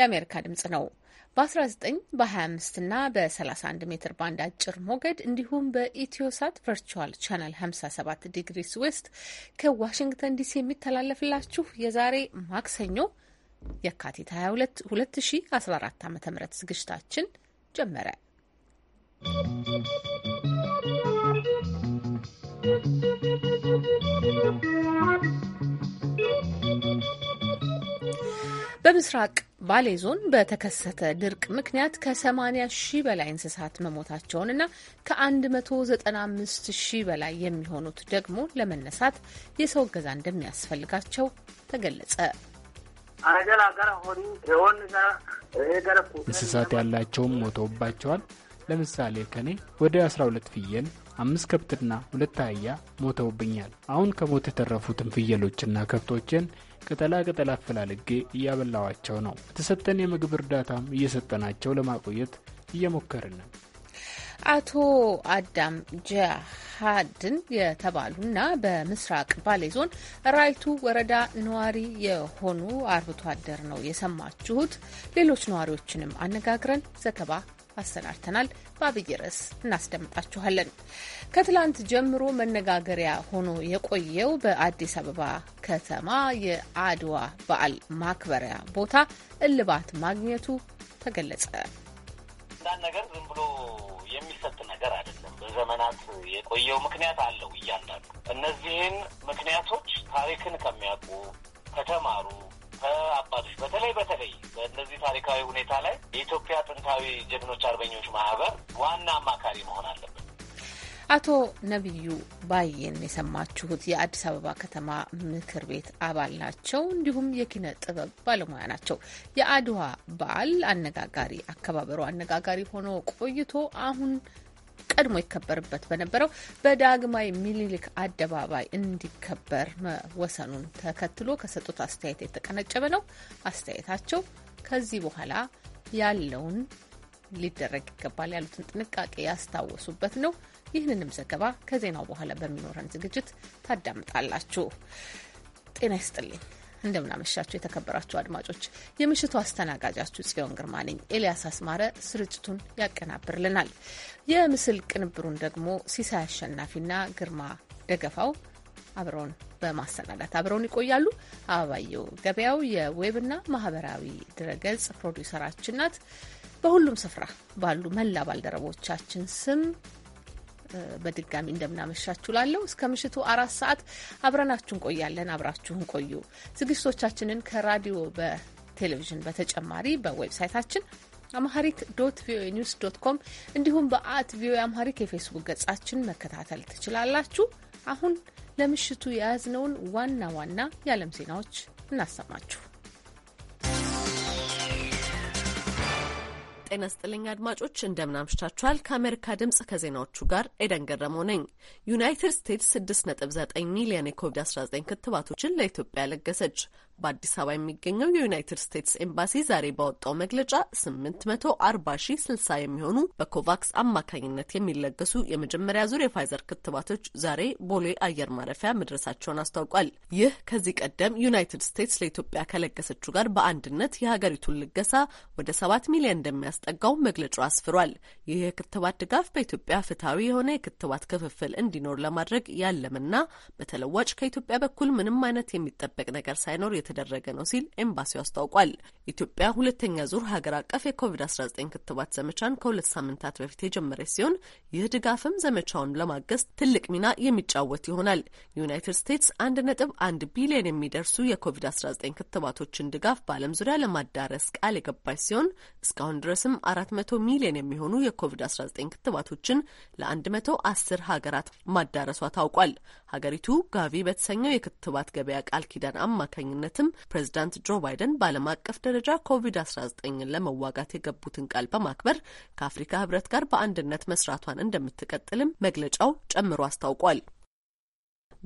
የአሜሪካ ድምጽ ነው። በ19 በ25 እና በ31 ሜትር ባንድ አጭር ሞገድ እንዲሁም በኢትዮሳት ቨርቹዋል ቻናል 57 ዲግሪስ ዌስት ከዋሽንግተን ዲሲ የሚተላለፍላችሁ የዛሬ ማክሰኞ የካቲት 22 2014 ዓ ም ዝግጅታችን ጀመረ። በምስራቅ ባሌ ዞን በተከሰተ ድርቅ ምክንያት ከ80 ሺህ በላይ እንስሳት መሞታቸውንና ከ195 ሺህ በላይ የሚሆኑት ደግሞ ለመነሳት የሰው እገዛ እንደሚያስፈልጋቸው ተገለጸ። እንስሳት ያላቸውም ሞተውባቸዋል። ለምሳሌ ከኔ ወደ 12 ፍየል አምስት ከብትና ሁለት አህያ ሞተውብኛል። አሁን ከሞት የተረፉትን ፍየሎችና ከብቶችን ቅጠላ ቅጠል አፈላልጌ እያበላዋቸው ነው። የተሰጠን የምግብ እርዳታም እየሰጠናቸው ለማቆየት እየሞከርን ነው። አቶ አዳም ጀሃድን የተባሉና በምስራቅ ባሌ ዞን ራይቱ ወረዳ ነዋሪ የሆኑ አርብቶ አደር ነው የሰማችሁት። ሌሎች ነዋሪዎችንም አነጋግረን ዘገባ አሰናድተናል። በአብይ ርዕስ እናስደምጣችኋለን። ከትላንት ጀምሮ መነጋገሪያ ሆኖ የቆየው በአዲስ አበባ ከተማ የአድዋ በዓል ማክበሪያ ቦታ እልባት ማግኘቱ ተገለጸ። አንዳንድ ነገር ዝም ብሎ የሚሰጥ ነገር አይደለም። በዘመናት የቆየው ምክንያት አለው እያንዳንዱ። እነዚህን ምክንያቶች ታሪክን ከሚያውቁ ከተማሩ ከአባቶች በተለይ በተለይ በእነዚህ ታሪካዊ ሁኔታ ላይ የኢትዮጵያ ጥንታዊ ጀግኖች አርበኞች ማህበር ዋና አማካሪ መሆን አለበት። አቶ ነቢዩ ባየን የሰማችሁት የአዲስ አበባ ከተማ ምክር ቤት አባል ናቸው። እንዲሁም የኪነ ጥበብ ባለሙያ ናቸው። የአድዋ በዓል አነጋጋሪ አከባበሩ አነጋጋሪ ሆኖ ቆይቶ አሁን ቀድሞ ይከበርበት በነበረው በዳግማዊ ሚኒሊክ አደባባይ እንዲከበር መወሰኑን ተከትሎ ከሰጡት አስተያየት የተቀነጨበ ነው። አስተያየታቸው ከዚህ በኋላ ያለውን ሊደረግ ይገባል ያሉትን ጥንቃቄ ያስታወሱበት ነው። ይህንንም ዘገባ ከዜናው በኋላ በሚኖረን ዝግጅት ታዳምጣላችሁ። ጤና ይስጥልኝ። እንደምናመሻችሁ የተከበራችሁ አድማጮች፣ የምሽቱ አስተናጋጃችሁ ጽዮን ግርማ ነኝ። ኤልያስ አስማረ ስርጭቱን ያቀናብርልናል። የምስል ቅንብሩን ደግሞ ሲሳይ አሸናፊና ግርማ ደገፋው አብረውን በማሰናዳት አብረውን ይቆያሉ። አበባየው ገበያው የዌብና ማህበራዊ ድረገጽ ፕሮዲውሰራችን ናት። በሁሉም ስፍራ ባሉ መላ ባልደረቦቻችን ስም በድጋሚ እንደምናመሻችሁ ላለው እስከ ምሽቱ አራት ሰዓት አብረናችሁ እንቆያለን። አብራችሁን ቆዩ። ዝግጅቶቻችንን ከራዲዮ በቴሌቪዥን በተጨማሪ በዌብሳይታችን አምሃሪክ ዶት ቪኦኤ ኒውስ ዶት ኮም እንዲሁም በአት ቪኦኤ አምሃሪክ የፌስቡክ ገጻችን መከታተል ትችላላችሁ። አሁን ለምሽቱ የያዝነውን ዋና ዋና የዓለም ዜናዎች እናሰማችሁ። ጤና ስጥልኝ አድማጮች፣ እንደምናምሽታችኋል። ከአሜሪካ ድምጽ ከዜናዎቹ ጋር ኤደን ገረመው ነኝ። ዩናይትድ ስቴትስ 6.9 ሚሊዮን የኮቪድ-19 ክትባቶችን ለኢትዮጵያ ለገሰች። በአዲስ አበባ የሚገኘው የዩናይትድ ስቴትስ ኤምባሲ ዛሬ ባወጣው መግለጫ 840,060 የሚሆኑ በኮቫክስ አማካኝነት የሚለገሱ የመጀመሪያ ዙር የፋይዘር ክትባቶች ዛሬ ቦሌ አየር ማረፊያ መድረሳቸውን አስታውቋል። ይህ ከዚህ ቀደም ዩናይትድ ስቴትስ ለኢትዮጵያ ከለገሰችው ጋር በአንድነት የሀገሪቱን ልገሳ ወደ 7 ሚሊዮን እንደሚያስ እንደሚያስጠጋው መግለጫው አስፍሯል። ይህ የክትባት ድጋፍ በኢትዮጵያ ፍትሐዊ የሆነ የክትባት ክፍፍል እንዲኖር ለማድረግ ያለምና በተለዋጭ ከኢትዮጵያ በኩል ምንም አይነት የሚጠበቅ ነገር ሳይኖር የተደረገ ነው ሲል ኤምባሲው አስታውቋል። ኢትዮጵያ ሁለተኛ ዙር ሀገር አቀፍ የኮቪድ-19 ክትባት ዘመቻን ከሁለት ሳምንታት በፊት የጀመረች ሲሆን ይህ ድጋፍም ዘመቻውን ለማገዝ ትልቅ ሚና የሚጫወት ይሆናል። ዩናይትድ ስቴትስ አንድ ነጥብ አንድ ቢሊዮን የሚደርሱ የኮቪድ-19 ክትባቶችን ድጋፍ በዓለም ዙሪያ ለማዳረስ ቃል የገባች ሲሆን እስካሁን ድረስም ማለትም አራት ሚሊዮን የሚሆኑ የኮቪድ-19 ክትባቶችን ለ110 ሀገራት ማዳረሷ ታውቋል። ሀገሪቱ ጋቪ በተሰኘው የክትባት ገበያ ቃል ኪዳን አማካኝነትም ፕሬዚዳንት ጆ ባይደን በዓለም አቀፍ ደረጃ ኮቪድ-19ን ለመዋጋት የገቡትን ቃል በማክበር ከአፍሪካ ህብረት ጋር በአንድነት መስራቷን እንደምትቀጥልም መግለጫው ጨምሮ አስታውቋል።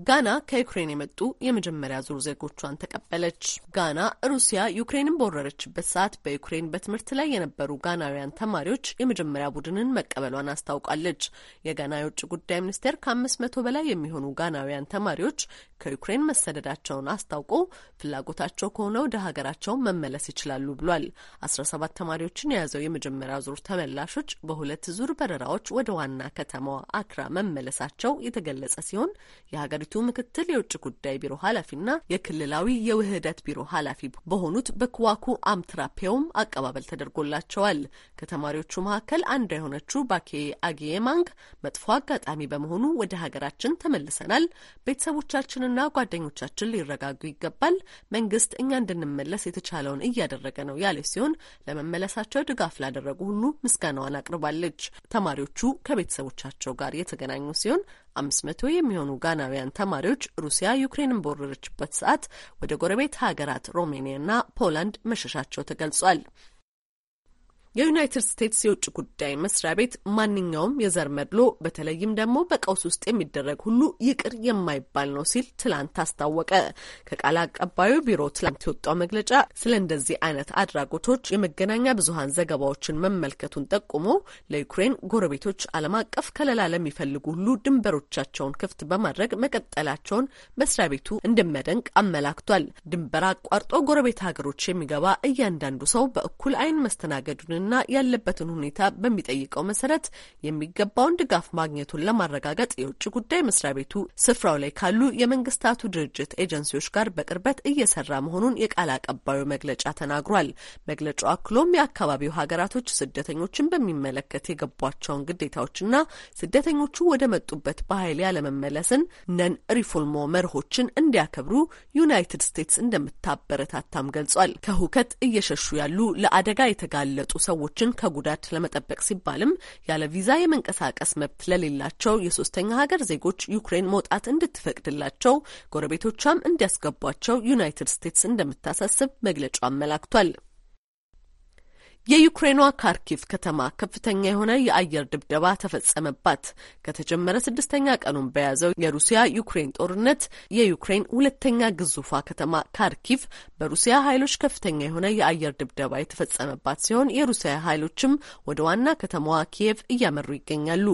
ጋና ከዩክሬን የመጡ የመጀመሪያ ዙር ዜጎቿን ተቀበለች። ጋና ሩሲያ ዩክሬንን በወረረችበት ሰዓት በዩክሬን በትምህርት ላይ የነበሩ ጋናውያን ተማሪዎች የመጀመሪያ ቡድንን መቀበሏን አስታውቃለች። የጋና የውጭ ጉዳይ ሚኒስቴር ከአምስት መቶ በላይ የሚሆኑ ጋናውያን ተማሪዎች ከዩክሬን መሰደዳቸውን አስታውቆ ፍላጎታቸው ከሆነ ወደ ሀገራቸው መመለስ ይችላሉ ብሏል። አስራ ሰባት ተማሪዎችን የያዘው የመጀመሪያ ዙር ተመላሾች በሁለት ዙር በረራዎች ወደ ዋና ከተማዋ አክራ መመለሳቸው የተገለጸ ሲሆን የሀገር የሀገሪቱ ምክትል የውጭ ጉዳይ ቢሮ ኃላፊና የክልላዊ የውህደት ቢሮ ኃላፊ በሆኑት በክዋኩ አምትራፔውም አቀባበል ተደርጎላቸዋል። ከተማሪዎቹ መካከል አንዷ የሆነችው ባኬ አጌማንግ መጥፎ አጋጣሚ በመሆኑ ወደ ሀገራችን ተመልሰናል። ቤተሰቦቻችንና ጓደኞቻችን ሊረጋጉ ይገባል። መንግስት እኛ እንድንመለስ የተቻለውን እያደረገ ነው ያለች ሲሆን ለመመለሳቸው ድጋፍ ላደረጉ ሁሉ ምስጋናዋን አቅርባለች። ተማሪዎቹ ከቤተሰቦቻቸው ጋር የተገናኙ ሲሆን አምስት መቶ የሚሆኑ ጋናውያን ተማሪዎች ሩሲያ ዩክሬንን በወረረችበት ሰዓት ወደ ጎረቤት ሀገራት ሮሜኒያና ፖላንድ መሸሻቸው ተገልጿል። የዩናይትድ ስቴትስ የውጭ ጉዳይ መስሪያ ቤት ማንኛውም የዘር መድሎ በተለይም ደግሞ በቀውስ ውስጥ የሚደረግ ሁሉ ይቅር የማይባል ነው ሲል ትላንት አስታወቀ። ከቃል አቀባዩ ቢሮ ትላንት የወጣው መግለጫ ስለ እንደዚህ አይነት አድራጎቶች የመገናኛ ብዙኃን ዘገባዎችን መመልከቱን ጠቁሞ ለዩክሬን ጎረቤቶች ዓለም አቀፍ ከለላ ለሚፈልጉ ሁሉ ድንበሮቻቸውን ክፍት በማድረግ መቀጠላቸውን መስሪያ ቤቱ እንደሚያደንቅ አመላክቷል። ድንበር አቋርጦ ጎረቤት ሀገሮች የሚገባ እያንዳንዱ ሰው በእኩል አይን መስተናገዱን እና ያለበትን ሁኔታ በሚጠይቀው መሰረት የሚገባውን ድጋፍ ማግኘቱን ለማረጋገጥ የውጭ ጉዳይ መስሪያ ቤቱ ስፍራው ላይ ካሉ የመንግስታቱ ድርጅት ኤጀንሲዎች ጋር በቅርበት እየሰራ መሆኑን የቃል አቀባዩ መግለጫ ተናግሯል። መግለጫው አክሎም የአካባቢው ሀገራቶች ስደተኞችን በሚመለከት የገቧቸውን ግዴታዎችና ስደተኞቹ ወደ መጡበት በኃይል ያለመመለስን ነን ሪፎልሞ መርሆችን እንዲያከብሩ ዩናይትድ ስቴትስ እንደምታበረታታም ገልጿል። ከሁከት እየሸሹ ያሉ ለአደጋ የተጋለጡ ሰ ሰዎችን ከጉዳት ለመጠበቅ ሲባልም ያለ ቪዛ የመንቀሳቀስ መብት ለሌላቸው የሶስተኛ ሀገር ዜጎች ዩክሬን መውጣት እንድትፈቅድላቸው ጎረቤቶቿም እንዲያስገቧቸው ዩናይትድ ስቴትስ እንደምታሳስብ መግለጫው አመላክቷል። የዩክሬኗ ካርኪቭ ከተማ ከፍተኛ የሆነ የአየር ድብደባ ተፈጸመባት። ከተጀመረ ስድስተኛ ቀኑን በያዘው የሩሲያ ዩክሬን ጦርነት የዩክሬን ሁለተኛ ግዙፏ ከተማ ካርኪቭ በሩሲያ ኃይሎች ከፍተኛ የሆነ የአየር ድብደባ የተፈጸመባት ሲሆን የሩሲያ ኃይሎችም ወደ ዋና ከተማዋ ኪየቭ እያመሩ ይገኛሉ።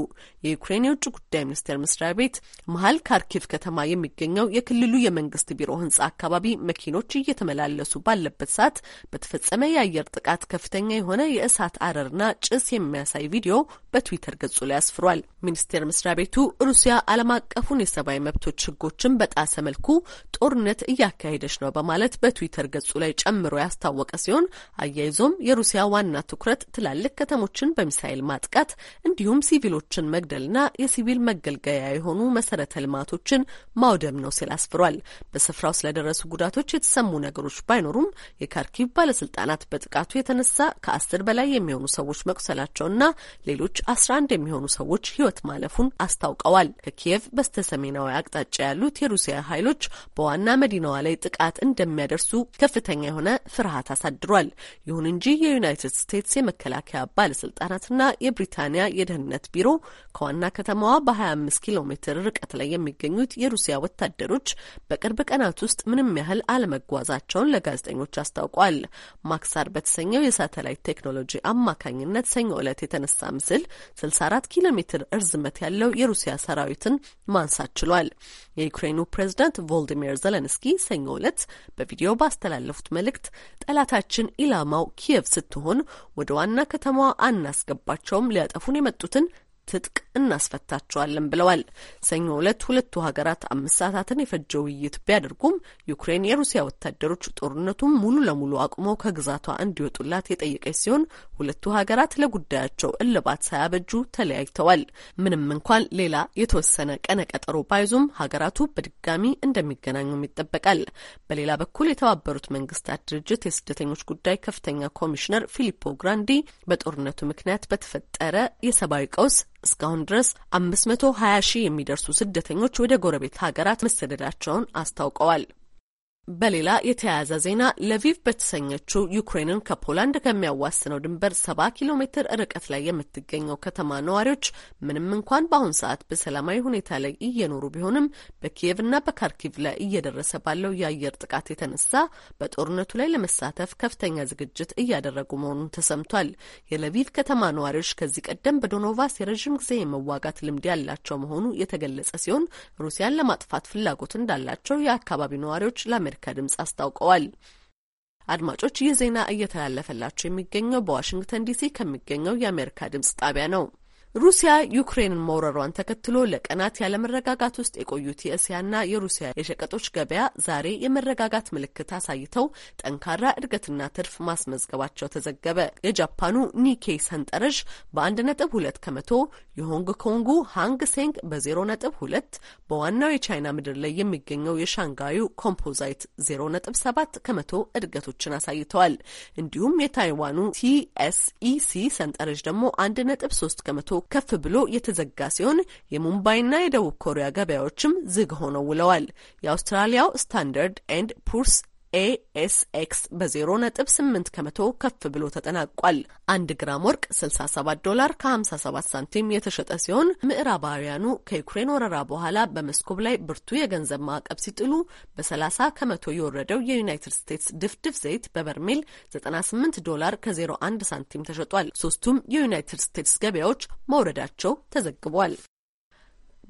የዩክሬን የውጭ ጉዳይ ሚኒስቴር መስሪያ ቤት መሀል ካርኪቭ ከተማ የሚገኘው የክልሉ የመንግስት ቢሮ ህንጻ አካባቢ መኪኖች እየተመላለሱ ባለበት ሰዓት በተፈጸመ የአየር ጥቃት ከፍተኛ የሆነ የእሳት አረርና ጭስ የሚያሳይ ቪዲዮ በትዊተር ገጹ ላይ አስፍሯል። ሚኒስቴር መስሪያ ቤቱ ሩሲያ ዓለም አቀፉን የሰብአዊ መብቶች ሕጎችን በጣሰ መልኩ ጦርነት እያካሄደች ነው በማለት በትዊተር ገጹ ላይ ጨምሮ ያስታወቀ ሲሆን አያይዞም የሩሲያ ዋና ትኩረት ትላልቅ ከተሞችን በሚሳይል ማጥቃት እንዲሁም ሲቪሎችን መግደልና የሲቪል መገልገያ የሆኑ መሰረተ ልማቶችን ማውደም ነው ሲል አስፍሯል። በስፍራው ስለደረሱ ጉዳቶች የተሰሙ ነገሮች ባይኖሩም የካርኪቭ ባለስልጣናት በጥቃቱ የተነሳ ከ ከአስር በላይ የሚሆኑ ሰዎች መቁሰላቸውና ሌሎች አስራ አንድ የሚሆኑ ሰዎች ህይወት ማለፉን አስታውቀዋል። ከኪየቭ በስተ ሰሜናዊ አቅጣጫ ያሉት የሩሲያ ኃይሎች በዋና መዲናዋ ላይ ጥቃት እንደሚያደርሱ ከፍተኛ የሆነ ፍርሃት አሳድሯል። ይሁን እንጂ የዩናይትድ ስቴትስ የመከላከያ ባለስልጣናትና የብሪታንያ የደህንነት ቢሮ ከዋና ከተማዋ በ25 ኪሎ ሜትር ርቀት ላይ የሚገኙት የሩሲያ ወታደሮች በቅርብ ቀናት ውስጥ ምንም ያህል አለመጓዛቸውን ለጋዜጠኞች አስታውቋል። ማክሳር በተሰኘው የሳተላይት ሳተላይት ቴክኖሎጂ አማካኝነት ሰኞ ዕለት የተነሳ ምስል 64 ኪሎ ሜትር እርዝመት ያለው የሩሲያ ሰራዊትን ማንሳት ችሏል። የዩክሬኑ ፕሬዝዳንት ቮልዲሚር ዘለንስኪ ሰኞ ዕለት በቪዲዮ ባስተላለፉት መልእክት ጠላታችን ኢላማው ኪየቭ ስትሆን ወደ ዋና ከተማዋ አናስገባቸውም፣ ሊያጠፉን የመጡትን ትጥቅ እናስፈታቸዋለን ብለዋል። ሰኞ ዕለት ሁለቱ ሀገራት አምስት ሰዓታትን የፈጀ ውይይት ቢያደርጉም ዩክሬን የሩሲያ ወታደሮች ጦርነቱን ሙሉ ለሙሉ አቁመው ከግዛቷ እንዲወጡላት የጠየቀች ሲሆን ሁለቱ ሀገራት ለጉዳያቸው እልባት ሳያበጁ ተለያይተዋል። ምንም እንኳን ሌላ የተወሰነ ቀነ ቀጠሮ ባይዙም ሀገራቱ በድጋሚ እንደሚገናኙም ይጠበቃል። በሌላ በኩል የተባበሩት መንግስታት ድርጅት የስደተኞች ጉዳይ ከፍተኛ ኮሚሽነር ፊሊፖ ግራንዲ በጦርነቱ ምክንያት በተፈጠረ የሰብአዊ ቀውስ እስካሁን ድረስ አምስት መቶ ሀያ ሺህ የሚደርሱ ስደተኞች ወደ ጎረቤት ሀገራት መሰደዳቸውን አስታውቀዋል። በሌላ የተያያዘ ዜና ለቪቭ በተሰኘችው ዩክሬንን ከፖላንድ ከሚያዋስነው ድንበር ሰባ ኪሎ ሜትር ርቀት ላይ የምትገኘው ከተማ ነዋሪዎች ምንም እንኳን በአሁን ሰዓት በሰላማዊ ሁኔታ ላይ እየኖሩ ቢሆንም በኪየቭና በካርኪቭ ላይ እየደረሰ ባለው የአየር ጥቃት የተነሳ በጦርነቱ ላይ ለመሳተፍ ከፍተኛ ዝግጅት እያደረጉ መሆኑን ተሰምቷል። የለቪቭ ከተማ ነዋሪዎች ከዚህ ቀደም በዶኖቫስ የረዥም ጊዜ የመዋጋት ልምድ ያላቸው መሆኑ የተገለጸ ሲሆን ሩሲያን ለማጥፋት ፍላጎት እንዳላቸው የአካባቢው ነዋሪዎች ላመ ለአሜሪካ ድምፅ አስታውቀዋል። አድማጮች ይህ ዜና እየተላለፈላቸው የሚገኘው በዋሽንግተን ዲሲ ከሚገኘው የአሜሪካ ድምጽ ጣቢያ ነው። ሩሲያ ዩክሬንን መውረሯን ተከትሎ ለቀናት ያለመረጋጋት ውስጥ የቆዩት የእስያና የሩሲያ የሸቀጦች ገበያ ዛሬ የመረጋጋት ምልክት አሳይተው ጠንካራ እድገትና ትርፍ ማስመዝገባቸው ተዘገበ። የጃፓኑ ኒኬ ሰንጠረዥ በአንድ ነጥብ ሁለት ከመቶ፣ የሆንግ ኮንጉ ሃንግ ሴንግ በዜሮ ነጥብ ሁለት፣ በዋናው የቻይና ምድር ላይ የሚገኘው የሻንጋዩ ኮምፖዛይት ዜሮ ነጥብ ሰባት ከመቶ እድገቶችን አሳይተዋል። እንዲሁም የታይዋኑ ቲኤስኢሲ ሰንጠረዥ ደግሞ አንድ ነጥብ ሶስት ከመቶ ከፍ ብሎ የተዘጋ ሲሆን የሙምባይና የደቡብ ኮሪያ ገበያዎችም ዝግ ሆነው ውለዋል። የአውስትራሊያው ስታንዳርድ ኤንድ ፑርስ ኤኤስኤክስ በ ነጥብ ከመቶ ከፍ ብሎ ተጠናቋል። አንድ ግራም ወርቅ 67 ዶላር ከ57 ሳንቲም የተሸጠ ሲሆን ምዕራባውያኑ ከዩክሬን ወረራ በኋላ በመስኮብ ላይ ብርቱ የገንዘብ ማዕቀብ ሲጥሉ በ30 ከመቶ የወረደው የዩናይትድ ስቴትስ ድፍድፍ ዘይት በበርሜል 98 ዶላር ከ01 ሳንቲም ተሸጧል። ሶስቱም የዩናይትድ ስቴትስ ገበያዎች መውረዳቸው ተዘግቧል።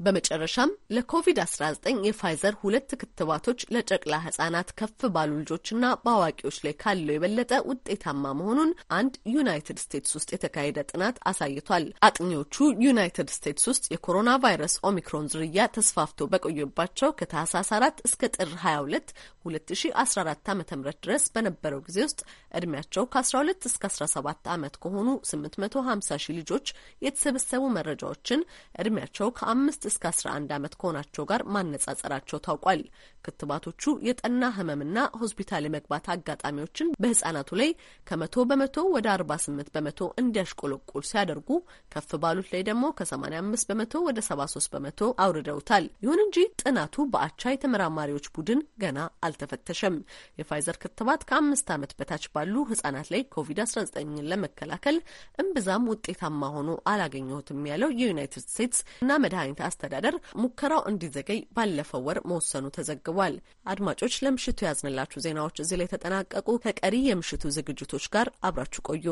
በመጨረሻም ለኮቪድ-19 የፋይዘር ሁለት ክትባቶች ለጨቅላ ህጻናት ከፍ ባሉ ልጆችና በአዋቂዎች ላይ ካለው የበለጠ ውጤታማ መሆኑን አንድ ዩናይትድ ስቴትስ ውስጥ የተካሄደ ጥናት አሳይቷል። አጥኚዎቹ ዩናይትድ ስቴትስ ውስጥ የኮሮና ቫይረስ ኦሚክሮን ዝርያ ተስፋፍቶ በቆየባቸው ከታህሳስ 4 እስከ ጥር 22 2014 ዓ ም ድረስ በነበረው ጊዜ ውስጥ እድሜያቸው ከ12 እስከ 17 ዓመት ከሆኑ 850 ሺህ ልጆች የተሰበሰቡ መረጃዎችን እድሜያቸው ከአምስት እስከ 11 ዓመት ከሆናቸው ጋር ማነጻጸራቸው ታውቋል። ክትባቶቹ የጠና ህመምና ሆስፒታል የመግባት አጋጣሚዎችን በህጻናቱ ላይ ከመቶ በመቶ ወደ 48 በመቶ እንዲያሽቆለቁል ሲያደርጉ ከፍ ባሉት ላይ ደግሞ ከ85 በመቶ ወደ 73 በመቶ አውርደውታል። ይሁን እንጂ ጥናቱ በአቻ የተመራማሪዎች ቡድን ገና አልተፈተሸም። የፋይዘር ክትባት ከአምስት ዓመት በታች ባሉ ህጻናት ላይ ኮቪድ-19ን ለመከላከል እምብዛም ውጤታማ ሆኖ አላገኘሁትም ያለው የዩናይትድ ስቴትስ እና መድኃኒት አስተዳደር ሙከራው እንዲዘገይ ባለፈው ወር መወሰኑ ተዘግቧል። አድማጮች፣ ለምሽቱ ያዝንላችሁ ዜናዎች እዚህ ላይ ተጠናቀቁ። ከቀሪ የምሽቱ ዝግጅቶች ጋር አብራችሁ ቆዩ።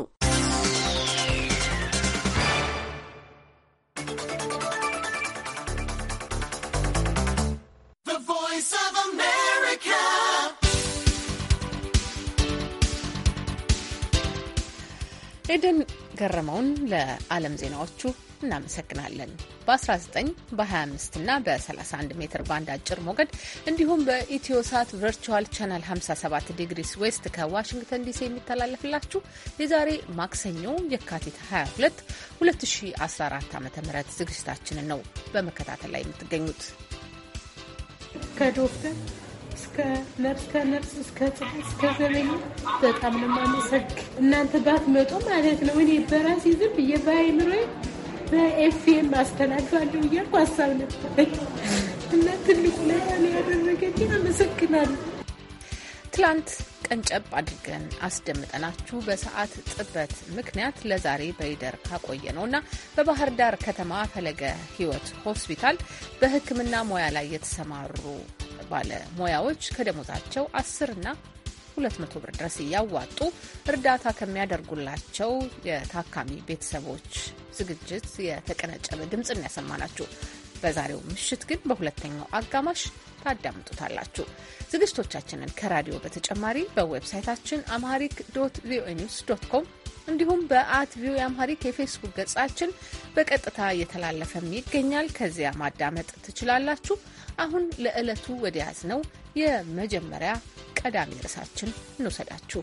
ኤደን ገረመውን ለዓለም ዜናዎቹ እናመሰግናለን። በ19 በ25 እና በ31 ሜትር ባንድ አጭር ሞገድ እንዲሁም በኢትዮሳት ቨርቹዋል ቻናል 57 ዲግሪስ ዌስት ከዋሽንግተን ዲሲ የሚተላለፍላችሁ የዛሬ ማክሰኞ የካቲት 22 2014 ዓ ም ዝግጅታችንን ነው በመከታተል ላይ የምትገኙት ከዶክተር እስከ ነርስ ከነርስ እስከ ጽ እስከ ዘበኝ በጣም ለማመሰግ እናንተ ባትመጡ ማለት ነው እኔ በራሴ ዝም ብዬ በአይምሮዬ በኤፍኤም አስተናግዳለሁ እያልኩ ሀሳብ ነበር እና ትልቁ ለኔ ያደረገች አመሰግናለሁ። ትላንት ቀንጨብ አድርገን አስደምጠናችሁ በሰዓት ጥበት ምክንያት ለዛሬ በይደር ካቆየ ነው እና በባህር ዳር ከተማ ፈለገ ሕይወት ሆስፒታል በሕክምና ሙያ ላይ የተሰማሩ ባለሙያዎች ከደሞዛቸው አስርና 200 ብር ድረስ እያዋጡ እርዳታ ከሚያደርጉላቸው የታካሚ ቤተሰቦች ዝግጅት የተቀነጨበ ድምፅን ያሰማናችሁ። በዛሬው ምሽት ግን በሁለተኛው አጋማሽ ታዳምጡታላችሁ። ዝግጅቶቻችንን ከራዲዮ በተጨማሪ በዌብሳይታችን አማሪክ ዶት ቪኦኤ ኒውስ ዶት ኮም እንዲሁም በአት ቪኦኤ አምሃሪክ የፌስቡክ ገጻችን በቀጥታ እየተላለፈም ይገኛል። ከዚያ ማዳመጥ ትችላላችሁ። አሁን ለዕለቱ ወደ ነው የመጀመሪያ ቀዳሚ ርዕሳችን እንውሰዳችሁ።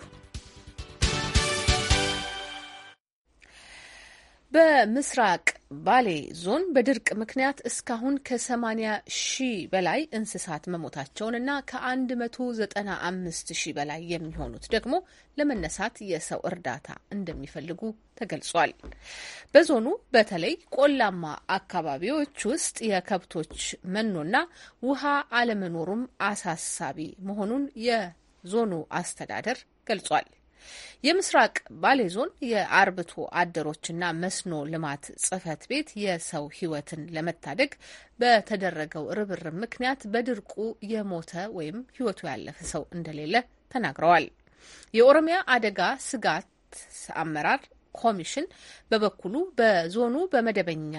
በምስራቅ ባሌ ዞን በድርቅ ምክንያት እስካሁን ከ80 ሺህ በላይ እንስሳት መሞታቸውንና ከ195 ሺህ በላይ የሚሆኑት ደግሞ ለመነሳት የሰው እርዳታ እንደሚፈልጉ ተገልጿል። በዞኑ በተለይ ቆላማ አካባቢዎች ውስጥ የከብቶች መኖና ውሃ አለመኖሩም አሳሳቢ መሆኑን የዞኑ አስተዳደር ገልጿል። የምስራቅ ባሌ ዞን የአርብቶ አደሮችና መስኖ ልማት ጽህፈት ቤት የሰው ህይወትን ለመታደግ በተደረገው ርብርብ ምክንያት በድርቁ የሞተ ወይም ህይወቱ ያለፈ ሰው እንደሌለ ተናግረዋል። የኦሮሚያ አደጋ ስጋት አመራር ኮሚሽን በበኩሉ በዞኑ በመደበኛ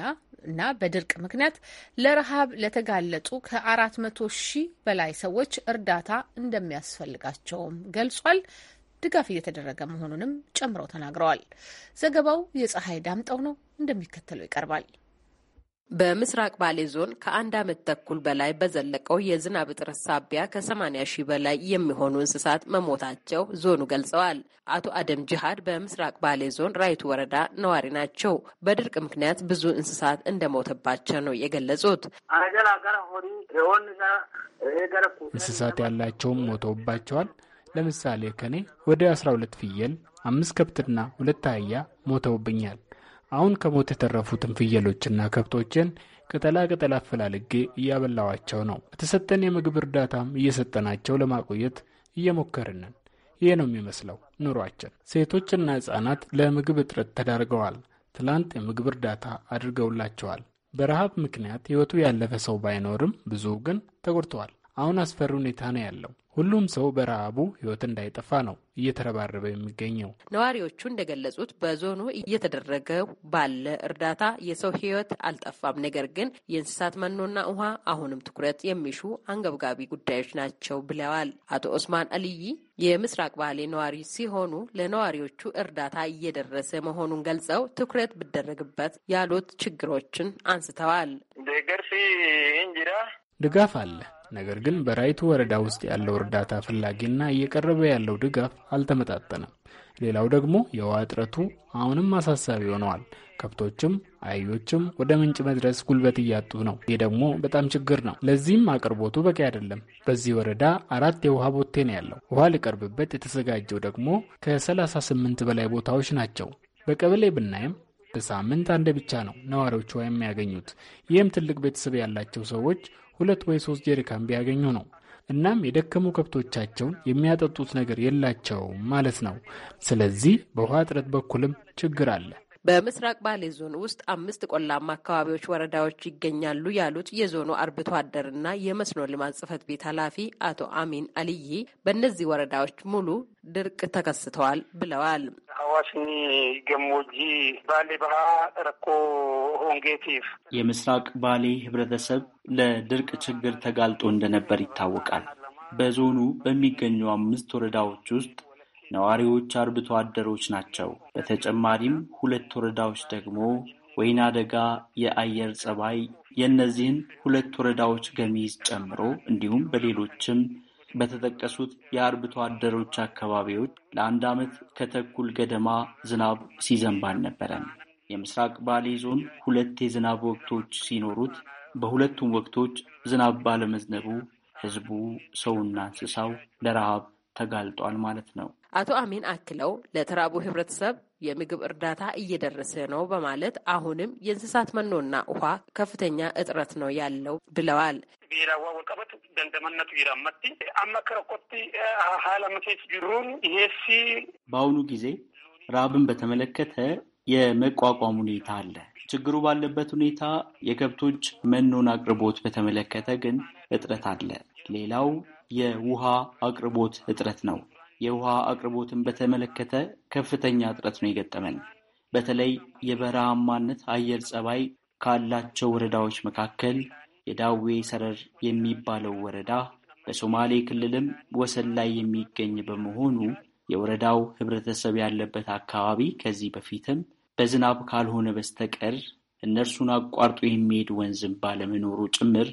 እና በድርቅ ምክንያት ለረሃብ ለተጋለጡ ከ መቶ ሺህ በላይ ሰዎች እርዳታ እንደሚያስፈልጋቸውም ገልጿል። ድጋፍ እየተደረገ መሆኑንም ጨምረው ተናግረዋል። ዘገባው የፀሐይ ዳምጠው ነው፣ እንደሚከተለው ይቀርባል። በምስራቅ ባሌ ዞን ከአንድ ዓመት ተኩል በላይ በዘለቀው የዝናብ እጥረት ሳቢያ ከ80 ሺህ በላይ የሚሆኑ እንስሳት መሞታቸው ዞኑ ገልጸዋል። አቶ አደም ጅሃድ በምስራቅ ባሌ ዞን ራይቱ ወረዳ ነዋሪ ናቸው። በድርቅ ምክንያት ብዙ እንስሳት እንደሞተባቸው ነው የገለጹት። እንስሳት ያላቸውም ሞተውባቸዋል። ለምሳሌ ከኔ ወደ 12 ፍየል፣ አምስት ከብትና ሁለት አህያ ሞተውብኛል። አሁን ከሞት የተረፉትን ፍየሎችና ከብቶችን ቅጠላ ቅጠላ አፈላልጌ እያበላዋቸው ነው። የተሰጠን የምግብ እርዳታም እየሰጠናቸው ለማቆየት እየሞከርንን። ይህ ነው የሚመስለው ኑሯችን። ሴቶችና ሕፃናት ለምግብ እጥረት ተዳርገዋል። ትላንት የምግብ እርዳታ አድርገውላቸዋል። በረሃብ ምክንያት ሕይወቱ ያለፈ ሰው ባይኖርም ብዙ ግን ተጎድተዋል። አሁን አስፈሪ ሁኔታ ነው ያለው። ሁሉም ሰው በረሃቡ ህይወት እንዳይጠፋ ነው እየተረባረበ የሚገኘው። ነዋሪዎቹ እንደገለጹት በዞኑ እየተደረገ ባለ እርዳታ የሰው ህይወት አልጠፋም። ነገር ግን የእንስሳት መኖና ውሃ አሁንም ትኩረት የሚሹ አንገብጋቢ ጉዳዮች ናቸው ብለዋል። አቶ ኦስማን አልይ የምስራቅ ባሌ ነዋሪ ሲሆኑ ለነዋሪዎቹ እርዳታ እየደረሰ መሆኑን ገልጸው ትኩረት ቢደረግበት ያሉት ችግሮችን አንስተዋል። ገርሲ እንጅራ ድጋፍ አለ። ነገር ግን በራይቱ ወረዳ ውስጥ ያለው እርዳታ ፍላጊና እየቀረበ ያለው ድጋፍ አልተመጣጠነም። ሌላው ደግሞ የውሃ እጥረቱ አሁንም አሳሳቢ ሆነዋል። ከብቶችም አህዮችም ወደ ምንጭ መድረስ ጉልበት እያጡ ነው። ይህ ደግሞ በጣም ችግር ነው። ለዚህም አቅርቦቱ በቂ አይደለም። በዚህ ወረዳ አራት የውሃ ቦቴ ነው ያለው። ውሃ ሊቀርብበት የተዘጋጀው ደግሞ ከ38 በላይ ቦታዎች ናቸው። በቀበሌ ብናይም በሳምንት አንድ ብቻ ነው ነዋሪዎች ነዋሪዎቹ የሚያገኙት። ይህም ትልቅ ቤተሰብ ያላቸው ሰዎች ሁለት ወይ ሶስት ጀሪካን ቢያገኙ ነው። እናም የደከሙ ከብቶቻቸውን የሚያጠጡት ነገር የላቸውም ማለት ነው። ስለዚህ በውሃ እጥረት በኩልም ችግር አለ። በምስራቅ ባሌ ዞን ውስጥ አምስት ቆላማ አካባቢዎች ወረዳዎች ይገኛሉ ያሉት የዞኑ አርብቶ አደርና የመስኖ ልማት ጽህፈት ቤት ኃላፊ አቶ አሚን አልይ በእነዚህ ወረዳዎች ሙሉ ድርቅ ተከስተዋል ብለዋል። ገሞጂ ባሌ ረኮ ሆንጌቲፍ የምስራቅ ባሌ ህብረተሰብ ለድርቅ ችግር ተጋልጦ እንደነበር ይታወቃል። በዞኑ በሚገኙ አምስት ወረዳዎች ውስጥ ነዋሪዎች አርብቶ አደሮች ናቸው። በተጨማሪም ሁለት ወረዳዎች ደግሞ ወይና ደጋ የአየር ጸባይ የእነዚህን ሁለት ወረዳዎች ገሚዝ ጨምሮ እንዲሁም በሌሎችም በተጠቀሱት የአርብቶ አደሮች አካባቢዎች ለአንድ ዓመት ከተኩል ገደማ ዝናብ ሲዘንብ አልነበረም። የምስራቅ ባሌ ዞን ሁለት የዝናብ ወቅቶች ሲኖሩት በሁለቱም ወቅቶች ዝናብ ባለመዝነቡ ሕዝቡ ሰውና እንስሳው ለረሃብ ተጋልጧል ማለት ነው። አቶ አሚን አክለው ለተራቡ ህብረተሰብ የምግብ እርዳታ እየደረሰ ነው በማለት አሁንም የእንስሳት መኖና ውሃ ከፍተኛ እጥረት ነው ያለው ብለዋል። በአሁኑ ጊዜ ራብን በተመለከተ የመቋቋም ሁኔታ አለ። ችግሩ ባለበት ሁኔታ የከብቶች መኖን አቅርቦት በተመለከተ ግን እጥረት አለ። ሌላው የውሃ አቅርቦት እጥረት ነው። የውሃ አቅርቦትን በተመለከተ ከፍተኛ እጥረት ነው የገጠመን። በተለይ የበረሃማነት አየር ጸባይ ካላቸው ወረዳዎች መካከል የዳዌ ሰረር የሚባለው ወረዳ በሶማሌ ክልልም ወሰን ላይ የሚገኝ በመሆኑ የወረዳው ሕብረተሰብ ያለበት አካባቢ ከዚህ በፊትም በዝናብ ካልሆነ በስተቀር እነርሱን አቋርጦ የሚሄድ ወንዝም ባለመኖሩ ጭምር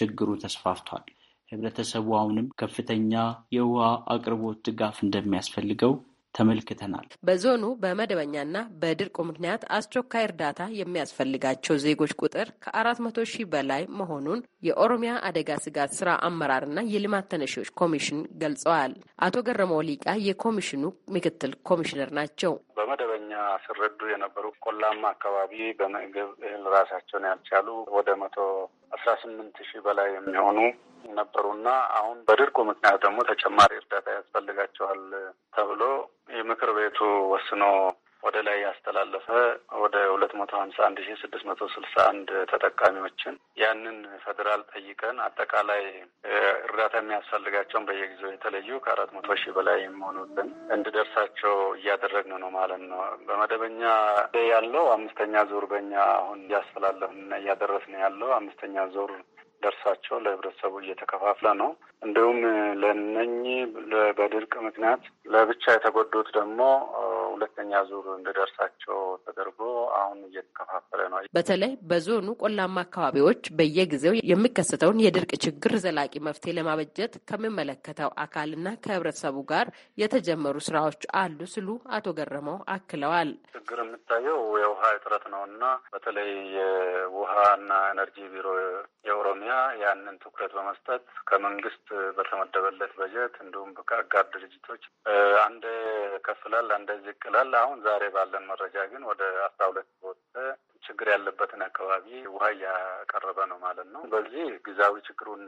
ችግሩ ተስፋፍቷል። ህብረተሰቡ አሁንም ከፍተኛ የውሃ አቅርቦት ድጋፍ እንደሚያስፈልገው ተመልክተናል። በዞኑ በመደበኛና በድርቁ ምክንያት አስቸኳይ እርዳታ የሚያስፈልጋቸው ዜጎች ቁጥር ከአራት መቶ ሺህ በላይ መሆኑን የኦሮሚያ አደጋ ስጋት ስራ አመራርና የልማት ተነሺዎች ኮሚሽን ገልጸዋል። አቶ ገረመው ሊቃ የኮሚሽኑ ምክትል ኮሚሽነር ናቸው። በእኛ ስረዱ የነበሩ ቆላማ አካባቢ በምግብ እህል ራሳቸውን ያልቻሉ ወደ መቶ አስራ ስምንት ሺህ በላይ የሚሆኑ ነበሩና አሁን በድርቁ ምክንያት ደግሞ ተጨማሪ እርዳታ ያስፈልጋቸዋል ተብሎ የምክር ቤቱ ወስኖ ወደ ላይ ያስተላለፈ ወደ ሁለት መቶ ሀምሳ አንድ ሺ ስድስት መቶ ስልሳ አንድ ተጠቃሚዎችን ያንን ፌዴራል ጠይቀን አጠቃላይ እርዳታ የሚያስፈልጋቸውን በየጊዜው የተለዩ ከአራት መቶ ሺህ በላይ የሚሆኑትን እንድደርሳቸው እያደረግን ነው ማለት ነው። በመደበኛ ያለው አምስተኛ ዙር በኛ አሁን እያስተላለፍን እያደረስን ያለው አምስተኛ ዙር ደርሳቸው ለህብረተሰቡ እየተከፋፍለ ነው። እንዲሁም ለነኚህ በድርቅ ምክንያት ለብቻ የተጎዱት ደግሞ ሁለተኛ ዙር እንዲደርሳቸው ተደርጎ አሁን እየተከፋፈለ ነው። በተለይ በዞኑ ቆላማ አካባቢዎች በየጊዜው የሚከሰተውን የድርቅ ችግር ዘላቂ መፍትሄ ለማበጀት ከሚመለከተው አካልና ከህብረተሰቡ ጋር የተጀመሩ ስራዎች አሉ ሲሉ አቶ ገረመው አክለዋል። ችግር የምታየው የውሃ እጥረት ነው እና በተለይ የውሃና ኤነርጂ ቢሮ የኦሮሚያ ያንን ትኩረት በመስጠት ከመንግስት በተመደበለት በጀት እንዲሁም ከአጋር ድርጅቶች አንድ ከፍላል ይላል፣ አንድ አሁን ዛሬ ባለን መረጃ ግን ወደ አስራ ሁለት ወጥተ ችግር ያለበትን አካባቢ ውሃ እያቀረበ ነው ማለት ነው። በዚህ ጊዜያዊ ችግሩን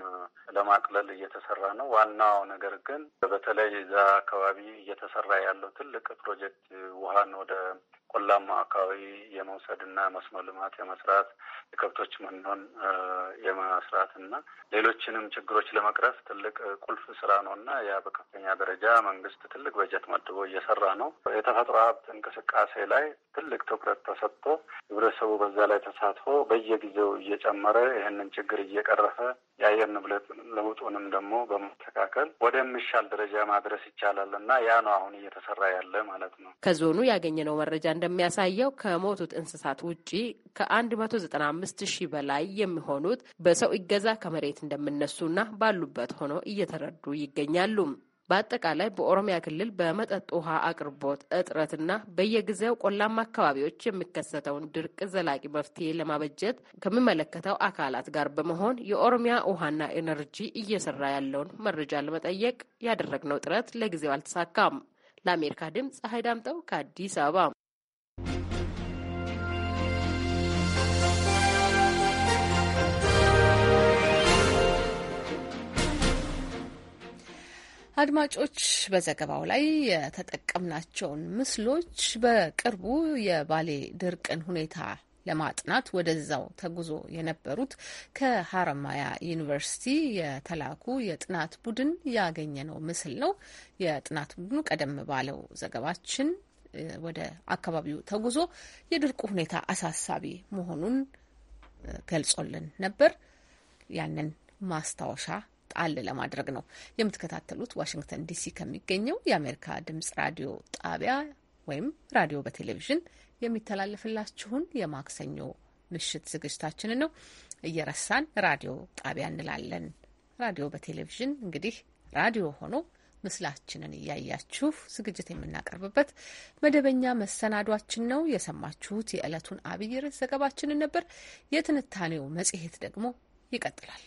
ለማቅለል እየተሰራ ነው። ዋናው ነገር ግን በተለይ እዛ አካባቢ እየተሰራ ያለው ትልቅ ፕሮጀክት ውሃን ወደ ቆላማ አካባቢ የመውሰድና መስኖ ልማት የመስራት የከብቶች መኖን የመስራት እና ሌሎችንም ችግሮች ለመቅረፍ ትልቅ ቁልፍ ስራ ነው እና ያ በከፍተኛ ደረጃ መንግስት ትልቅ በጀት መድቦ እየሰራ ነው። የተፈጥሮ ሀብት እንቅስቃሴ ላይ ትልቅ ትኩረት ተሰጥቶ ህብረተሰ ህብረተሰቡ በዛ ላይ ተሳትፎ በየጊዜው እየጨመረ ይህንን ችግር እየቀረፈ የአየር ንብረት ለውጡንም ደግሞ በማስተካከል ወደሚሻል ደረጃ ማድረስ ይቻላል እና ያ ነው አሁን እየተሰራ ያለ ማለት ነው። ከዞኑ ያገኘነው መረጃ እንደሚያሳየው ከሞቱት እንስሳት ውጪ ከአንድ መቶ ዘጠና አምስት ሺህ በላይ የሚሆኑት በሰው ይገዛ ከመሬት እንደሚነሱና ባሉበት ሆኖ እየተረዱ ይገኛሉ። በአጠቃላይ በኦሮሚያ ክልል በመጠጥ ውሃ አቅርቦት እጥረትና በየጊዜው ቆላማ አካባቢዎች የሚከሰተውን ድርቅ ዘላቂ መፍትሄ ለማበጀት ከሚመለከተው አካላት ጋር በመሆን የኦሮሚያ ውሃና ኤነርጂ እየሰራ ያለውን መረጃ ለመጠየቅ ያደረግነው ጥረት ለጊዜው አልተሳካም። ለአሜሪካ ድምፅ ፀሐይ ዳምጠው ከአዲስ አበባ አድማጮች በዘገባው ላይ የተጠቀምናቸውን ምስሎች በቅርቡ የባሌ ድርቅን ሁኔታ ለማጥናት ወደዛው ተጉዞ የነበሩት ከሀረማያ ዩኒቨርሲቲ የተላኩ የጥናት ቡድን ያገኘነው ምስል ነው። የጥናት ቡድኑ ቀደም ባለው ዘገባችን ወደ አካባቢው ተጉዞ የድርቁ ሁኔታ አሳሳቢ መሆኑን ገልጾልን ነበር። ያንን ማስታወሻ አለ ለማድረግ ነው። የምትከታተሉት ዋሽንግተን ዲሲ ከሚገኘው የአሜሪካ ድምጽ ራዲዮ ጣቢያ ወይም ራዲዮ በቴሌቪዥን የሚተላለፍላችሁን የማክሰኞ ምሽት ዝግጅታችንን ነው። እየረሳን ራዲዮ ጣቢያ እንላለን። ራዲዮ በቴሌቪዥን እንግዲህ ራዲዮ ሆኖ ምስላችንን እያያችሁ ዝግጅት የምናቀርብበት መደበኛ መሰናዷችን ነው። የሰማችሁት የዕለቱን አብይ ርዕስ ዘገባችንን ነበር። የትንታኔው መጽሔት ደግሞ ይቀጥላል።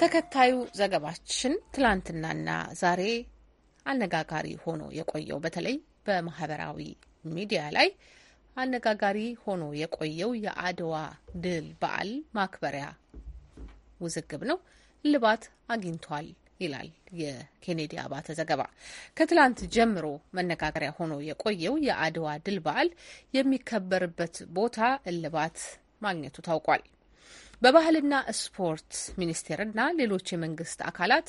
ተከታዩ ዘገባችን ትላንትናና ዛሬ አነጋጋሪ ሆኖ የቆየው በተለይ በማህበራዊ ሚዲያ ላይ አነጋጋሪ ሆኖ የቆየው የአድዋ ድል በዓል ማክበሪያ ውዝግብ ነው። እልባት አግኝቷል ይላል የኬኔዲ አባተ ዘገባ። ከትላንት ጀምሮ መነጋገሪያ ሆኖ የቆየው የአድዋ ድል በዓል የሚከበርበት ቦታ እልባት ማግኘቱ ታውቋል። በባህልና ስፖርት ሚኒስቴርና ሌሎች የመንግስት አካላት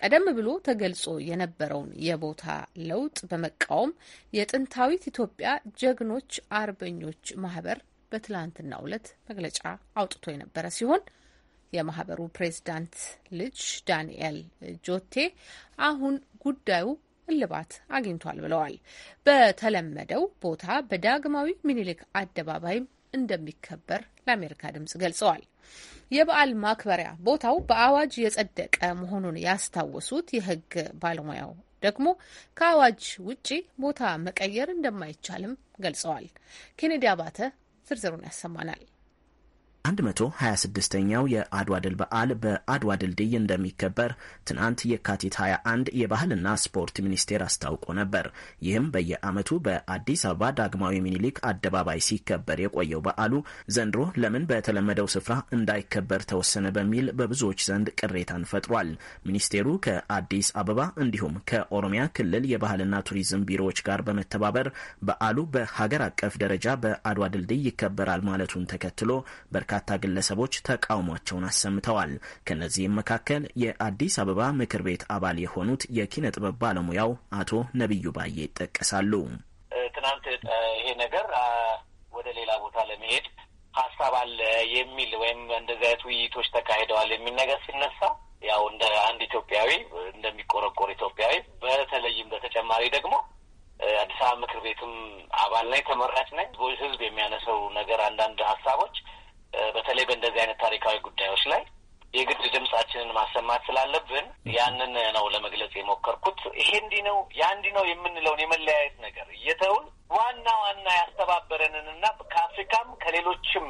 ቀደም ብሎ ተገልጾ የነበረውን የቦታ ለውጥ በመቃወም የጥንታዊት ኢትዮጵያ ጀግኖች አርበኞች ማህበር በትላንትናው ዕለት መግለጫ አውጥቶ የነበረ ሲሆን የማህበሩ ፕሬዝዳንት ልጅ ዳንኤል ጆቴ አሁን ጉዳዩ እልባት አግኝቷል ብለዋል። በተለመደው ቦታ በዳግማዊ ምኒልክ አደባባይም እንደሚከበር ለአሜሪካ ድምጽ ገልጸዋል። የበዓል ማክበሪያ ቦታው በአዋጅ የጸደቀ መሆኑን ያስታወሱት የህግ ባለሙያው ደግሞ ከአዋጅ ውጪ ቦታ መቀየር እንደማይቻልም ገልጸዋል። ኬኔዲ አባተ ዝርዝሩን ያሰማናል። 126ኛው የአድዋ ድል በዓል በአድዋ ድልድይ እንደሚከበር ትናንት የካቲት 21 የባህልና ስፖርት ሚኒስቴር አስታውቆ ነበር። ይህም በየዓመቱ በአዲስ አበባ ዳግማዊ ሚኒሊክ አደባባይ ሲከበር የቆየው በዓሉ ዘንድሮ ለምን በተለመደው ስፍራ እንዳይከበር ተወሰነ በሚል በብዙዎች ዘንድ ቅሬታን ፈጥሯል። ሚኒስቴሩ ከአዲስ አበባ እንዲሁም ከኦሮሚያ ክልል የባህልና ቱሪዝም ቢሮዎች ጋር በመተባበር በዓሉ በሀገር አቀፍ ደረጃ በአድዋ ድልድይ ይከበራል ማለቱን ተከትሎ በርካ በርካታ ግለሰቦች ተቃውሟቸውን አሰምተዋል። ከእነዚህም መካከል የአዲስ አበባ ምክር ቤት አባል የሆኑት የኪነ ጥበብ ባለሙያው አቶ ነቢዩ ባዬ ይጠቀሳሉ። ትናንት ይሄ ነገር ወደ ሌላ ቦታ ለመሄድ ሀሳብ አለ የሚል ወይም እንደዚህ አይነት ውይይቶች ተካሂደዋል የሚል ነገር ሲነሳ ያው እንደ አንድ ኢትዮጵያዊ እንደሚቆረቆር ኢትዮጵያዊ በተለይም በተጨማሪ ደግሞ አዲስ አበባ ምክር ቤትም አባል ነኝ፣ ተመራጭ ነኝ። ህዝብ የሚያነሰው ነገር አንዳንድ ሀሳቦች በተለይ በእንደዚህ አይነት ታሪካዊ ጉዳዮች ላይ የግድ ድምጻችንን ማሰማት ስላለብን ያንን ነው ለመግለጽ የሞከርኩት። ይሄ እንዲህ ነው ያ እንዲህ ነው የምንለውን የመለያየት ነገር እየተውን ዋና ዋና ያስተባበረንንና ከአፍሪካም ከሌሎችም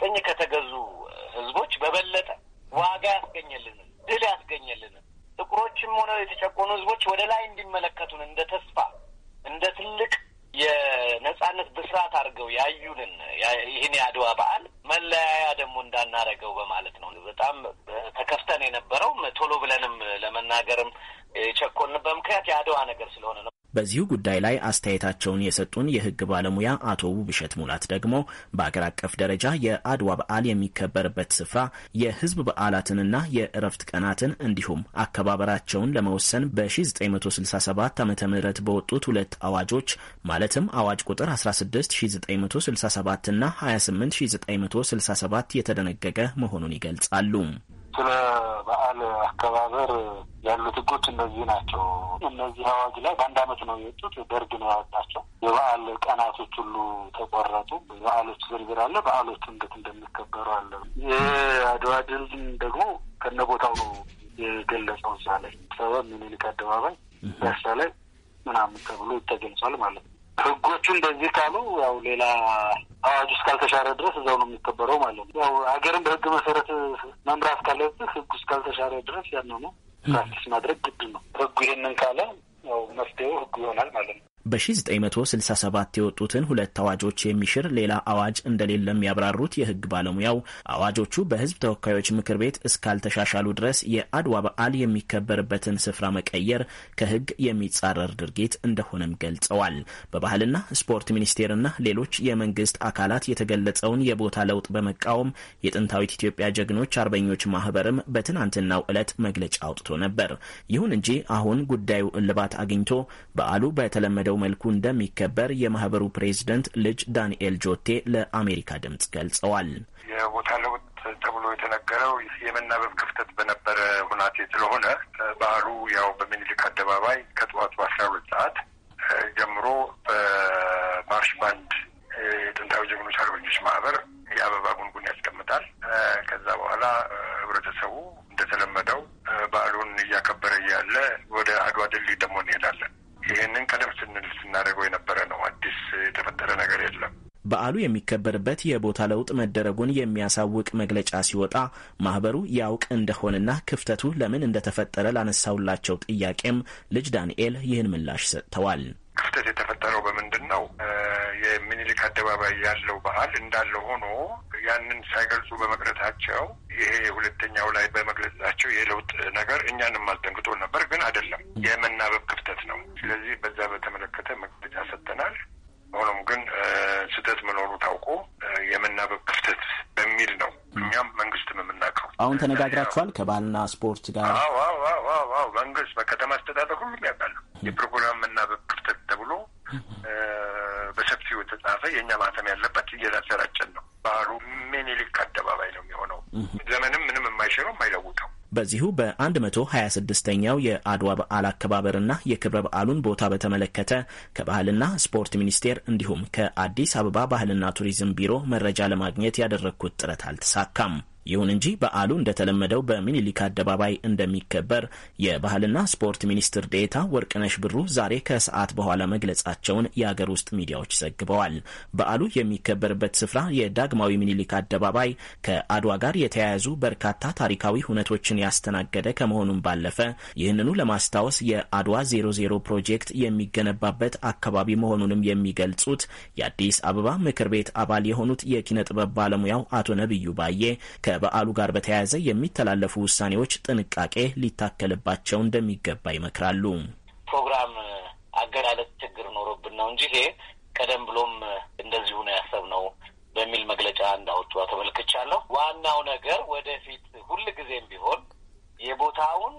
ቅኝ ከተገዙ ህዝቦች በበለጠ ዋጋ ያስገኘልንን ድል ያስገኘልንን ጥቁሮችም ሆነ የተጨቆኑ ህዝቦች ወደ ላይ እንዲመለከቱን እንደ ተስፋ እንደ ትልቅ የነጻነት ብስራት አድርገው ያዩንን ይህን የአድዋ በዓል መለያያ ደግሞ እንዳናረገው በማለት ነው። በጣም ተከፍተን የነበረው ቶሎ ብለንም ለመናገርም የቸኮልንበት ምክንያት የአድዋ ነገር ስለሆነ ነው። በዚሁ ጉዳይ ላይ አስተያየታቸውን የሰጡን የህግ ባለሙያ አቶ ውብሸት ሙላት ደግሞ በአገር አቀፍ ደረጃ የአድዋ በዓል የሚከበርበት ስፍራ የህዝብ በዓላትንና የእረፍት ቀናትን እንዲሁም አከባበራቸውን ለመወሰን በ1967 ዓ ም በወጡት ሁለት አዋጆች ማለትም አዋጅ ቁጥር 16967 እና 28967 የተደነገገ መሆኑን ይገልጻሉ። ስለ በዓል አከባበር ያሉት ህጎች እነዚህ ናቸው። እነዚህ አዋጅ ላይ በአንድ አመት ነው የወጡት። ደርግ ነው ያወጣቸው። የበዓል ቀናቶች ሁሉ ተቆረጡ። በዓሎች ዝርዝር አለ። በዓሎቹ እንዴት እንደሚከበሩ አለ። የአድዋ ድል ደግሞ ከነቦታው ነው የገለጸው። እዛ ላይ ሰበ ምኒልክ አደባባይ ያሻ ላይ ምናምን ተብሎ ተገልጿል ማለት ነው። ህጎቹ እንደዚህ ካሉ ያው ሌላ አዋጅ እስካልተሻረ ድረስ እዛው ነው የሚከበረው ማለት ነው። ያው ሀገርን በህግ መሰረት መምራት ካለብህ ህጉ እስካልተሻረ ድረስ ያን ነው ፕራክቲስ ማድረግ ግድ ነው። ህጉ ይህንን ካለ ያው መፍትሄው ህጉ ይሆናል ማለት ነው። በ1967 የወጡትን ሁለት አዋጆች የሚሽር ሌላ አዋጅ እንደሌለም ያብራሩት የህግ ባለሙያው አዋጆቹ በህዝብ ተወካዮች ምክር ቤት እስካልተሻሻሉ ድረስ የአድዋ በዓል የሚከበርበትን ስፍራ መቀየር ከህግ የሚጻረር ድርጊት እንደሆነም ገልጸዋል። በባህልና ስፖርት ሚኒስቴርና ሌሎች የመንግስት አካላት የተገለጸውን የቦታ ለውጥ በመቃወም የጥንታዊት ኢትዮጵያ ጀግኖች አርበኞች ማህበርም በትናንትናው ዕለት መግለጫ አውጥቶ ነበር። ይሁን እንጂ አሁን ጉዳዩ እልባት አግኝቶ በዓሉ በተለመደው በተለመደው መልኩ እንደሚከበር የማህበሩ ፕሬዝደንት ልጅ ዳንኤል ጆቴ ለአሜሪካ ድምጽ ገልጸዋል። የቦታ ለውጥ ተብሎ የተነገረው የመናበብ ክፍተት በነበረ ሁናቴ ስለሆነ ባህሉ ያው በሚኒሊክ አደባባይ ከጠዋቱ አስራ ሁለት ሰዓት ጀምሮ በማርሽ ባንድ የጥንታዊ ጀግኖች አርበኞች ማህበር የአበባ ጉንጉን ያስቀምጣል። ከዛ በኋላ ህብረተሰቡ እንደተለመደው በዓሉን እያከበረ እያለ ወደ አድዋ ድልድይ ደግሞ እንሄዳለን። ስናደርገው የነበረ ነው። አዲስ የተፈጠረ ነገር የለም። በዓሉ የሚከበርበት የቦታ ለውጥ መደረጉን የሚያሳውቅ መግለጫ ሲወጣ ማህበሩ ያውቅ እንደሆነና ክፍተቱ ለምን እንደተፈጠረ ላነሳውላቸው ጥያቄም ልጅ ዳንኤል ይህን ምላሽ ሰጥተዋል። ክፍተት የተፈጠረው በምንድን ነው? የሚኒሊክ አደባባይ ያለው በዓል እንዳለው ሆኖ ያንን ሳይገልጹ በመቅረታቸው ይሄ ሁለተኛው ላይ በመግለጻቸው የለውጥ ነገር እኛንም አስደንግጦ ነበር፣ ግን አይደለም የመናበብ ክፍተት ነው። ስለዚህ በዛ በተመለከተ መግለጫ ሰጥተናል። ሆኖም ግን ስህተት መኖሩ ታውቆ የመናበብ ክፍተት በሚል ነው እኛም መንግስትም የምናውቀው። አሁን ተነጋግራችኋል ከባህልና ስፖርት ጋር? አዎ መንግስት በከተማ አስተዳደር ሁሉም ያውቃል። የፕሮግራም መናበብ ክፍተት ተብሎ በሰፊው የተጻፈ የእኛ ማተም ያለበት እየተሰራጨን ነው። ባህሉ ምኒልክ አደባባይ ነው የሚሆነው። ዘመንም ምንም የማይሽረው የማይለውጠው በዚሁ በ126ኛው የአድዋ በዓል አከባበርና የክብረ በዓሉን ቦታ በተመለከተ ከባህልና ስፖርት ሚኒስቴር እንዲሁም ከአዲስ አበባ ባህልና ቱሪዝም ቢሮ መረጃ ለማግኘት ያደረግኩት ጥረት አልተሳካም። ይሁን እንጂ በዓሉ እንደተለመደው በሚኒሊክ አደባባይ እንደሚከበር የባህልና ስፖርት ሚኒስትር ዴታ ወርቅነሽ ብሩ ዛሬ ከሰዓት በኋላ መግለጻቸውን የአገር ውስጥ ሚዲያዎች ዘግበዋል። በዓሉ የሚከበርበት ስፍራ የዳግማዊ ሚኒሊክ አደባባይ ከአድዋ ጋር የተያያዙ በርካታ ታሪካዊ ሁነቶችን ያስተናገደ ከመሆኑም ባለፈ ይህንኑ ለማስታወስ የአድዋ 00 ፕሮጀክት የሚገነባበት አካባቢ መሆኑንም የሚገልጹት የአዲስ አበባ ምክር ቤት አባል የሆኑት የኪነ ጥበብ ባለሙያው አቶ ነብዩ ባዬ ከበዓሉ ጋር በተያያዘ የሚተላለፉ ውሳኔዎች ጥንቃቄ ሊታከልባቸው እንደሚገባ ይመክራሉ። ፕሮግራም አገላለጽ ችግር ኖሮብን ነው እንጂ ይሄ ቀደም ብሎም እንደዚሁ ነው ያሰብነው በሚል መግለጫ እንዳወጡ ተመልክቻለሁ። ዋናው ነገር ወደፊት ሁል ጊዜም ቢሆን የቦታውን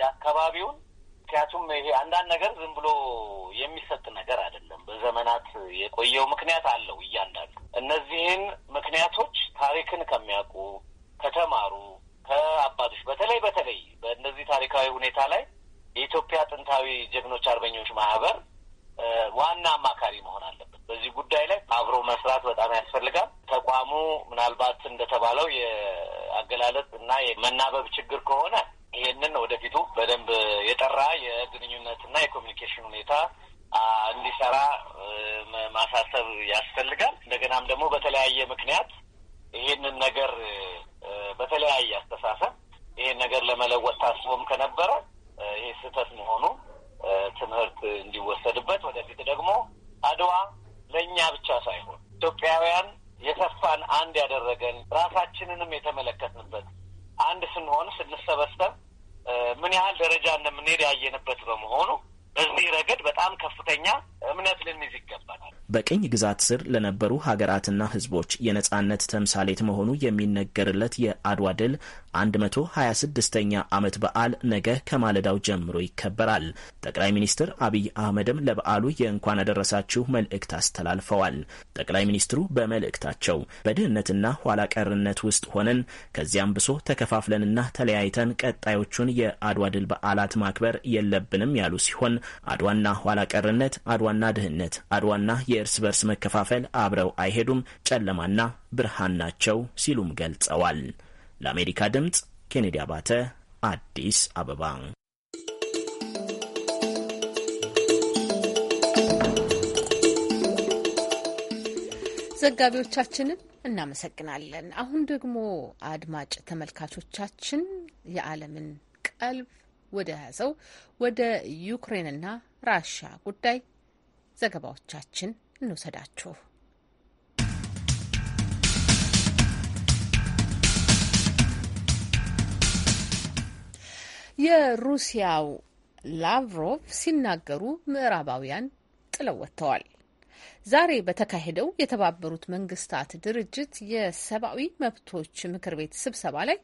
የአካባቢውን ምክንያቱም ይሄ አንዳንድ ነገር ዝም ብሎ የሚሰጥ ነገር አይደለም። በዘመናት የቆየው ምክንያት አለው። ግዛት ስር ለነበሩ ሀገራትና ህዝቦች የነጻነት ተምሳሌት መሆኑ የሚነገርለት የአድዋ ድል 126ኛ ዓመት በዓል ነገ ከማለዳው ጀምሮ ይከበራል። ጠቅላይ ሚኒስትር አብይ አህመድም ለበዓሉ የእንኳን አደረሳችሁ መልእክት አስተላልፈዋል። ጠቅላይ ሚኒስትሩ በመልእክታቸው በድህነትና ኋላ ቀርነት ውስጥ ሆነን ከዚያም ብሶ ተከፋፍለንና ተለያይተን ቀጣዮቹን የአድዋ ድል በዓላት ማክበር የለብንም ያሉ ሲሆን አድዋና ኋላ ቀርነት፣ አድዋና ድህነት፣ አድዋና የእርስ በርስ መከፋፈል አብረው አይሄዱም፣ ጨለማና ብርሃን ናቸው ሲሉም ገልጸዋል። ለአሜሪካ ድምፅ ኬኔዲ አባተ አዲስ አበባ። ዘጋቢዎቻችንን እናመሰግናለን። አሁን ደግሞ አድማጭ ተመልካቾቻችን የዓለምን ቀልብ ወደ ያዘው ወደ ዩክሬንና ራሻ ጉዳይ ዘገባዎቻችን እንውሰዳችሁ። የሩሲያው ላቭሮቭ ሲናገሩ ምዕራባውያን ጥለው ወጥተዋል። ዛሬ በተካሄደው የተባበሩት መንግስታት ድርጅት የሰብአዊ መብቶች ምክር ቤት ስብሰባ ላይ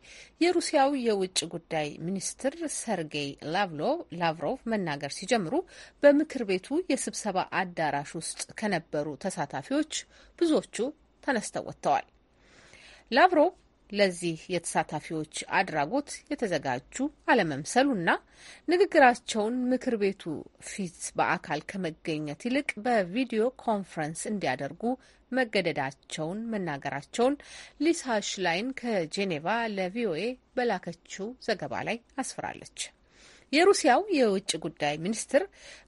የሩሲያው የውጭ ጉዳይ ሚኒስትር ሰርጌይ ላቭሮቭ መናገር ሲጀምሩ በምክር ቤቱ የስብሰባ አዳራሽ ውስጥ ከነበሩ ተሳታፊዎች ብዙዎቹ ተነስተው ወጥተዋል። ላቭሮቭ ለዚህ የተሳታፊዎች አድራጎት የተዘጋጁ አለመምሰሉና ንግግራቸውን ምክር ቤቱ ፊት በአካል ከመገኘት ይልቅ በቪዲዮ ኮንፈረንስ እንዲያደርጉ መገደዳቸውን መናገራቸውን ሊሳ ሽላይን ከጄኔቫ ለቪኦኤ በላከችው ዘገባ ላይ አስፍራለች። የሩሲያው የውጭ ጉዳይ ሚኒስትር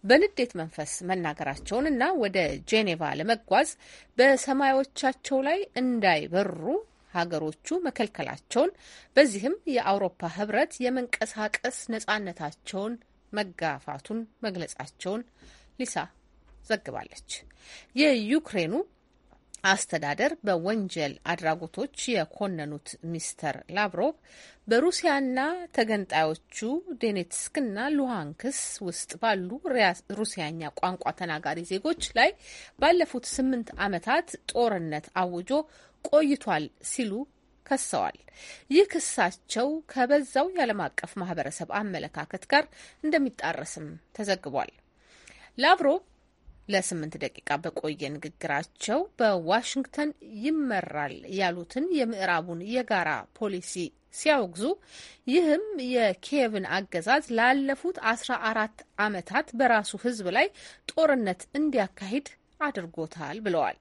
በንዴት መንፈስ መናገራቸውንና ወደ ጄኔቫ ለመጓዝ በሰማዮቻቸው ላይ እንዳይበሩ ሀገሮቹ መከልከላቸውን በዚህም የአውሮፓ ህብረት የመንቀሳቀስ ነጻነታቸውን መጋፋቱን መግለጻቸውን ሊሳ ዘግባለች። የዩክሬኑ አስተዳደር በወንጀል አድራጎቶች የኮነኑት ሚስተር ላቭሮቭ በሩሲያና ተገንጣዮቹ ዶኔትስክና ሉሃንክስ ውስጥ ባሉ ሩሲያኛ ቋንቋ ተናጋሪ ዜጎች ላይ ባለፉት ስምንት ዓመታት ጦርነት አውጆ ቆይቷል ሲሉ ከሰዋል። ይህ ክሳቸው ከበዛው የዓለም አቀፍ ማህበረሰብ አመለካከት ጋር እንደሚጣረስም ተዘግቧል። ላቭሮቭ ለስምንት ደቂቃ በቆየ ንግግራቸው በዋሽንግተን ይመራል ያሉትን የምዕራቡን የጋራ ፖሊሲ ሲያወግዙ ይህም የኬቭን አገዛዝ ላለፉት አስራ አራት አመታት በራሱ ህዝብ ላይ ጦርነት እንዲያካሂድ አድርጎታል ብለዋል።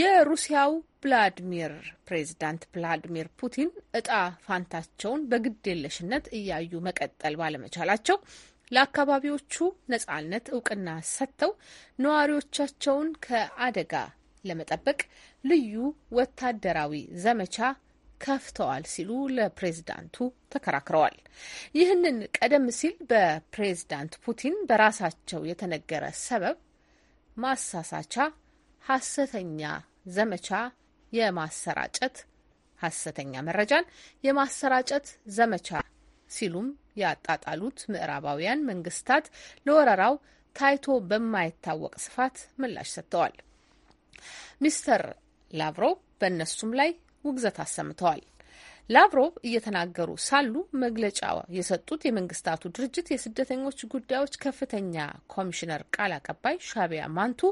የሩሲያው ቭላድሚር ፕሬዚዳንት ቭላድሚር ፑቲን እጣ ፋንታቸውን በግዴለሽነት እያዩ መቀጠል ባለመቻላቸው ለአካባቢዎቹ ነጻነት እውቅና ሰጥተው ነዋሪዎቻቸውን ከአደጋ ለመጠበቅ ልዩ ወታደራዊ ዘመቻ ከፍተዋል ሲሉ ለፕሬዝዳንቱ ተከራክረዋል። ይህንን ቀደም ሲል በፕሬዝዳንት ፑቲን በራሳቸው የተነገረ ሰበብ ማሳሳቻ ሐሰተኛ ዘመቻ የማሰራጨት ሐሰተኛ መረጃን የማሰራጨት ዘመቻ ሲሉም ያጣጣሉት ምዕራባውያን መንግስታት ለወረራው ታይቶ በማይታወቅ ስፋት ምላሽ ሰጥተዋል። ሚስተር ላቭሮቭ በእነሱም ላይ ውግዘት አሰምተዋል። ላቭሮቭ እየተናገሩ ሳሉ መግለጫ የሰጡት የመንግስታቱ ድርጅት የስደተኞች ጉዳዮች ከፍተኛ ኮሚሽነር ቃል አቀባይ ሻቢያ ማንቱ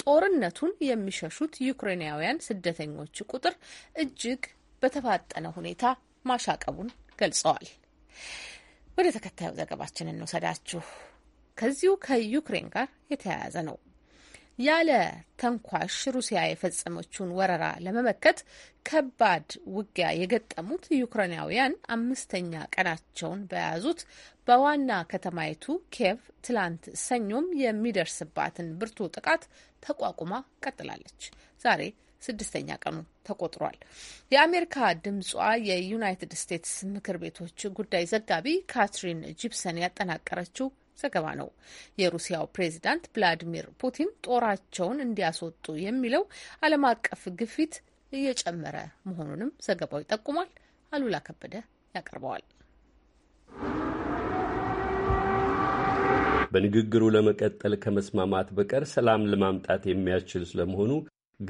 ጦርነቱን የሚሸሹት ዩክሬናውያን ስደተኞች ቁጥር እጅግ በተፋጠነ ሁኔታ ማሻቀቡን ገልጸዋል። ወደ ተከታዩ ዘገባችን እንውሰዳችሁ። ከዚሁ ከዩክሬን ጋር የተያያዘ ነው። ያለ ተንኳሽ ሩሲያ የፈጸመችውን ወረራ ለመመከት ከባድ ውጊያ የገጠሙት ዩክሬናውያን አምስተኛ ቀናቸውን በያዙት በዋና ከተማይቱ ኬቭ ትላንት ሰኞም የሚደርስባትን ብርቱ ጥቃት ተቋቁማ ቀጥላለች። ዛሬ ስድስተኛ ቀኑ ተቆጥሯል። የአሜሪካ ድምጿ የዩናይትድ ስቴትስ ምክር ቤቶች ጉዳይ ዘጋቢ ካትሪን ጂፕሰን ያጠናቀረችው ዘገባ ነው። የሩሲያው ፕሬዚዳንት ቭላዲሚር ፑቲን ጦራቸውን እንዲያስወጡ የሚለው ዓለም አቀፍ ግፊት እየጨመረ መሆኑንም ዘገባው ይጠቁማል። አሉላ ከበደ ያቀርበዋል። በንግግሩ ለመቀጠል ከመስማማት በቀር ሰላም ለማምጣት የሚያስችል ስለመሆኑ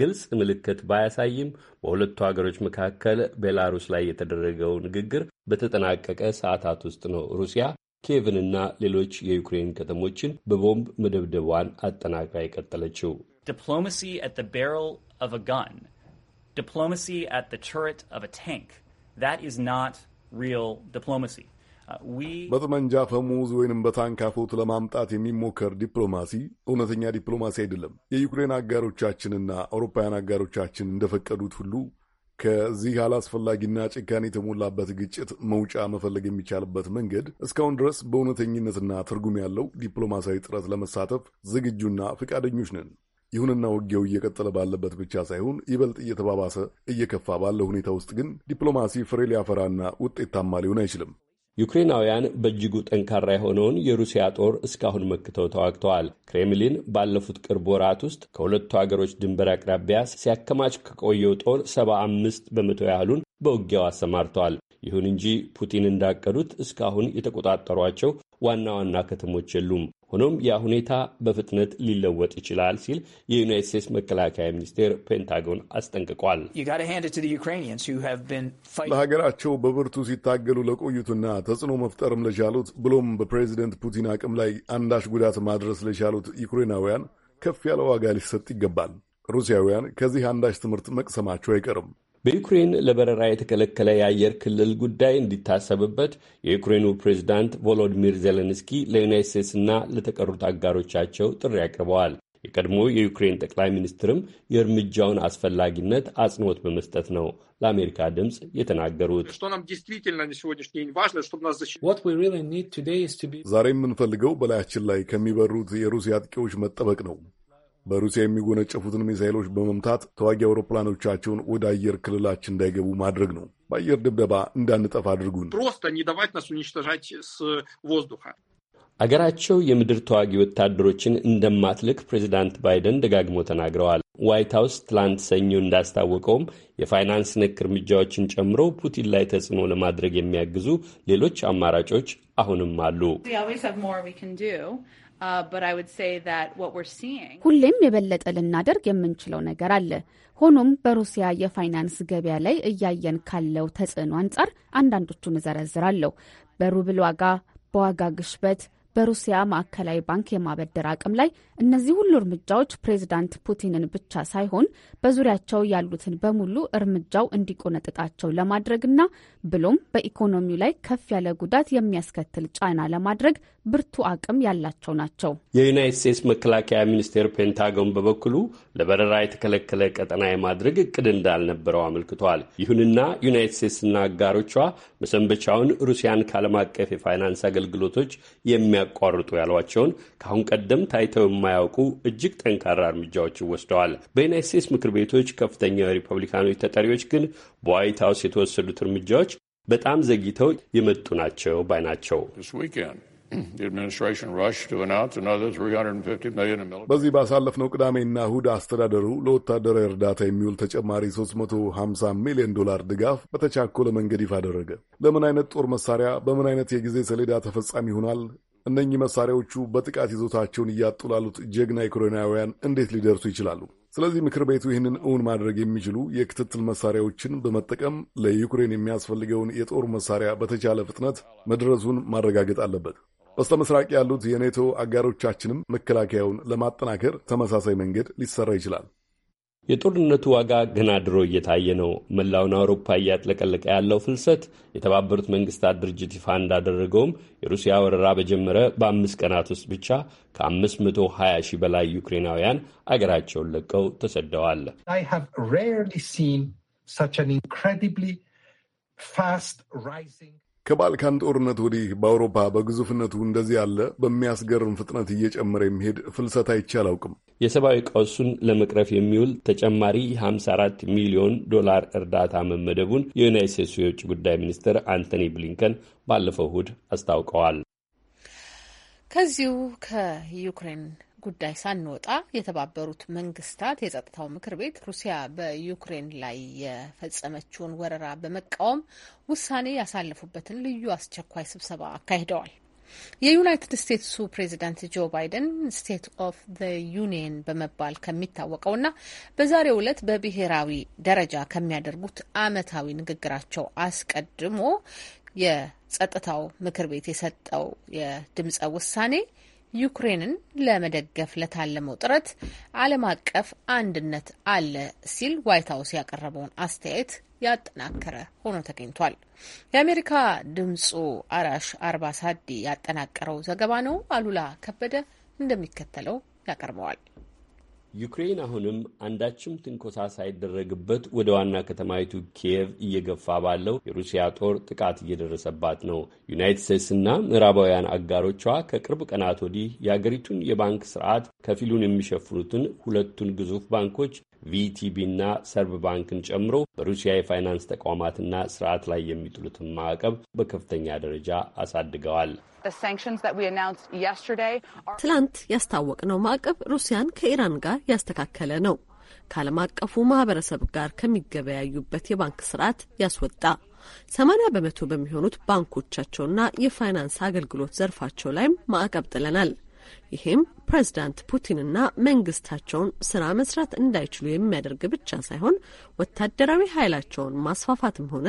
ግልጽ ምልክት ባያሳይም በሁለቱ ሀገሮች መካከል ቤላሩስ ላይ የተደረገው ንግግር በተጠናቀቀ ሰዓታት ውስጥ ነው ሩሲያ ኬቭንና ሌሎች የዩክሬን ከተሞችን በቦምብ መደብደቧን አጠናቅራ የቀጠለችው uh, በጠመንጃ ፈሙዝ ወይንም በታንክ አፎት ለማምጣት የሚሞከር ዲፕሎማሲ እውነተኛ ዲፕሎማሲ አይደለም። የዩክሬን አጋሮቻችንና አውሮፓውያን አጋሮቻችን እንደፈቀዱት ሁሉ ከዚህ አላስፈላጊና ጭካኔ የተሞላበት ግጭት መውጫ መፈለግ የሚቻልበት መንገድ እስካሁን ድረስ በእውነተኝነትና ትርጉም ያለው ዲፕሎማሲያዊ ጥረት ለመሳተፍ ዝግጁና ፈቃደኞች ነን። ይሁንና ውጊያው እየቀጠለ ባለበት ብቻ ሳይሆን ይበልጥ እየተባባሰ እየከፋ ባለ ሁኔታ ውስጥ ግን ዲፕሎማሲ ፍሬ ሊያፈራና ውጤታማ ሊሆን አይችልም። ዩክሬናውያን በእጅጉ ጠንካራ የሆነውን የሩሲያ ጦር እስካሁን መክተው ተዋግተዋል። ክሬምሊን ባለፉት ቅርብ ወራት ውስጥ ከሁለቱ አገሮች ድንበር አቅራቢያ ሲያከማች ከቆየው ጦር 75 በመቶ ያህሉን በውጊያው አሰማርተዋል። ይሁን እንጂ ፑቲን እንዳቀዱት እስካሁን የተቆጣጠሯቸው ዋና ዋና ከተሞች የሉም። ሆኖም ያ ሁኔታ በፍጥነት ሊለወጥ ይችላል ሲል የዩናይት ስቴትስ መከላከያ ሚኒስቴር ፔንታጎን አስጠንቅቋል። ለሀገራቸው በብርቱ ሲታገሉ ለቆዩትና ተጽዕኖ መፍጠርም ለቻሉት ብሎም በፕሬዚደንት ፑቲን አቅም ላይ አንዳች ጉዳት ማድረስ ለቻሉት ዩክሬናውያን ከፍ ያለ ዋጋ ሊሰጥ ይገባል። ሩሲያውያን ከዚህ አንዳች ትምህርት መቅሰማቸው አይቀርም። በዩክሬን ለበረራ የተከለከለ የአየር ክልል ጉዳይ እንዲታሰብበት የዩክሬኑ ፕሬዚዳንት ቮሎዲሚር ዜሌንስኪ ለዩናይት ስቴትስና ለተቀሩት አጋሮቻቸው ጥሪ አቅርበዋል። የቀድሞ የዩክሬን ጠቅላይ ሚኒስትርም የእርምጃውን አስፈላጊነት አጽንኦት በመስጠት ነው ለአሜሪካ ድምፅ የተናገሩት። ዛሬ የምንፈልገው በላያችን ላይ ከሚበሩት የሩሲያ አጥቂዎች መጠበቅ ነው። በሩሲያ የሚጎነጨፉትን ሚሳይሎች በመምታት ተዋጊ አውሮፕላኖቻቸውን ወደ አየር ክልላችን እንዳይገቡ ማድረግ ነው። በአየር ድብደባ እንዳንጠፋ አድርጉን። አገራቸው የምድር ተዋጊ ወታደሮችን እንደማትልክ ፕሬዚዳንት ባይደን ደጋግሞ ተናግረዋል። ዋይት ሀውስ ትላንት ሰኞ እንዳስታወቀውም የፋይናንስ ነክ እርምጃዎችን ጨምሮ ፑቲን ላይ ተጽዕኖ ለማድረግ የሚያግዙ ሌሎች አማራጮች አሁንም አሉ። Uh, ሁሌም የበለጠ ልናደርግ የምንችለው ነገር አለ። ሆኖም በሩሲያ የፋይናንስ ገበያ ላይ እያየን ካለው ተጽዕኖ አንጻር አንዳንዶቹን እዘረዝራለሁ። በሩብል ዋጋ፣ በዋጋ ግሽበት፣ በሩሲያ ማዕከላዊ ባንክ የማበደር አቅም ላይ እነዚህ ሁሉ እርምጃዎች ፕሬዚዳንት ፑቲንን ብቻ ሳይሆን በዙሪያቸው ያሉትን በሙሉ እርምጃው እንዲቆነጥጣቸው ለማድረግና ብሎም በኢኮኖሚው ላይ ከፍ ያለ ጉዳት የሚያስከትል ጫና ለማድረግ ብርቱ አቅም ያላቸው ናቸው። የዩናይት ስቴትስ መከላከያ ሚኒስቴር ፔንታጎን በበኩሉ ለበረራ የተከለከለ ቀጠና የማድረግ እቅድ እንዳልነበረው አመልክቷል። ይሁንና ዩናይትድ ስቴትስና አጋሮቿ መሰንበቻውን ሩሲያን ከዓለም አቀፍ የፋይናንስ አገልግሎቶች የሚያቋርጡ ያሏቸውን ከአሁን ቀደም ታይተው የማያውቁ እጅግ ጠንካራ እርምጃዎችን ወስደዋል። በዩናይት ስቴትስ ምክር ቤቶች ከፍተኛ የሪፐብሊካኖች ተጠሪዎች ግን በዋይት ሀውስ የተወሰዱት እርምጃዎች በጣም ዘግይተው የመጡ ናቸው ባይ ናቸው። በዚህ ባሳለፍነው ቅዳሜና እሁድ አስተዳደሩ ለወታደራዊ እርዳታ የሚውል ተጨማሪ 350 ሚሊዮን ዶላር ድጋፍ በተቻኮለ መንገድ ይፋ አደረገ። ለምን አይነት ጦር መሳሪያ በምን አይነት የጊዜ ሰሌዳ ተፈጻሚ ይሆናል? እነኚህ መሳሪያዎቹ በጥቃት ይዞታቸውን እያጡ ላሉት ጀግና ዩክሬናውያን እንዴት ሊደርሱ ይችላሉ? ስለዚህ ምክር ቤቱ ይህንን እውን ማድረግ የሚችሉ የክትትል መሳሪያዎችን በመጠቀም ለዩክሬን የሚያስፈልገውን የጦር መሳሪያ በተቻለ ፍጥነት መድረሱን ማረጋገጥ አለበት። በስተ ምስራቅ ያሉት የኔቶ አጋሮቻችንም መከላከያውን ለማጠናከር ተመሳሳይ መንገድ ሊሰራ ይችላል። የጦርነቱ ዋጋ ገና ድሮ እየታየ ነው። መላውን አውሮፓ እያጥለቀለቀ ያለው ፍልሰት የተባበሩት መንግስታት ድርጅት ይፋ እንዳደረገውም የሩሲያ ወረራ በጀመረ በአምስት ቀናት ውስጥ ብቻ ከ520 ሺህ በላይ ዩክሬናውያን አገራቸውን ለቀው ተሰደዋል። ከባልካን ጦርነት ወዲህ በአውሮፓ በግዙፍነቱ እንደዚህ ያለ በሚያስገርም ፍጥነት እየጨመረ የሚሄድ ፍልሰት አይቼ አላውቅም። የሰብአዊ ቀውሱን ለመቅረፍ የሚውል ተጨማሪ 54 ሚሊዮን ዶላር እርዳታ መመደቡን የዩናይት ስቴትሱ የውጭ ጉዳይ ሚኒስትር አንቶኒ ብሊንከን ባለፈው እሁድ አስታውቀዋል። ከዚሁ ከዩክሬን ጉዳይ ሳንወጣ የተባበሩት መንግስታት የጸጥታው ምክር ቤት ሩሲያ በዩክሬን ላይ የፈጸመችውን ወረራ በመቃወም ውሳኔ ያሳለፉበትን ልዩ አስቸኳይ ስብሰባ አካሂደዋል። የዩናይትድ ስቴትሱ ፕሬዚዳንት ጆ ባይደን ስቴት ኦፍ ዘ ዩኒየን በመባል ከሚታወቀውና በዛሬው ዕለት በብሔራዊ ደረጃ ከሚያደርጉት ዓመታዊ ንግግራቸው አስቀድሞ የጸጥታው ምክር ቤት የሰጠው የድምፀ ውሳኔ ዩክሬንን ለመደገፍ ለታለመው ጥረት ዓለም አቀፍ አንድነት አለ ሲል ዋይት ሀውስ ያቀረበውን አስተያየት ያጠናከረ ሆኖ ተገኝቷል። የአሜሪካ ድምፁ አራሽ አርባ ሳዲ ያጠናቀረው ዘገባ ነው። አሉላ ከበደ እንደሚከተለው ያቀርበዋል። ዩክሬን አሁንም አንዳችም ትንኮሳ ሳይደረግበት ወደ ዋና ከተማይቱ ኪየቭ እየገፋ ባለው የሩሲያ ጦር ጥቃት እየደረሰባት ነው። ዩናይትድ ስቴትስና ምዕራባውያን አጋሮቿ ከቅርብ ቀናት ወዲህ የአገሪቱን የባንክ ስርዓት ከፊሉን የሚሸፍኑትን ሁለቱን ግዙፍ ባንኮች ቪቲቢና ሰርብ ባንክን ጨምሮ በሩሲያ የፋይናንስ ተቋማትና ስርዓት ላይ የሚጥሉትን ማዕቀብ በከፍተኛ ደረጃ አሳድገዋል። ትላንት ያስታወቅነው ማዕቀብ ሩሲያን ከኢራን ጋር ያስተካከለ ነው። ከዓለም አቀፉ ማህበረሰብ ጋር ከሚገበያዩበት የባንክ ስርዓት ያስወጣ፣ ሰማኒያ በመቶ በሚሆኑት ባንኮቻቸውና የፋይናንስ አገልግሎት ዘርፋቸው ላይም ማዕቀብ ጥለናል። ይሄም ፕሬዝዳንት ፑቲንና መንግስታቸውን ስራ መስራት እንዳይችሉ የሚያደርግ ብቻ ሳይሆን ወታደራዊ ኃይላቸውን ማስፋፋትም ሆነ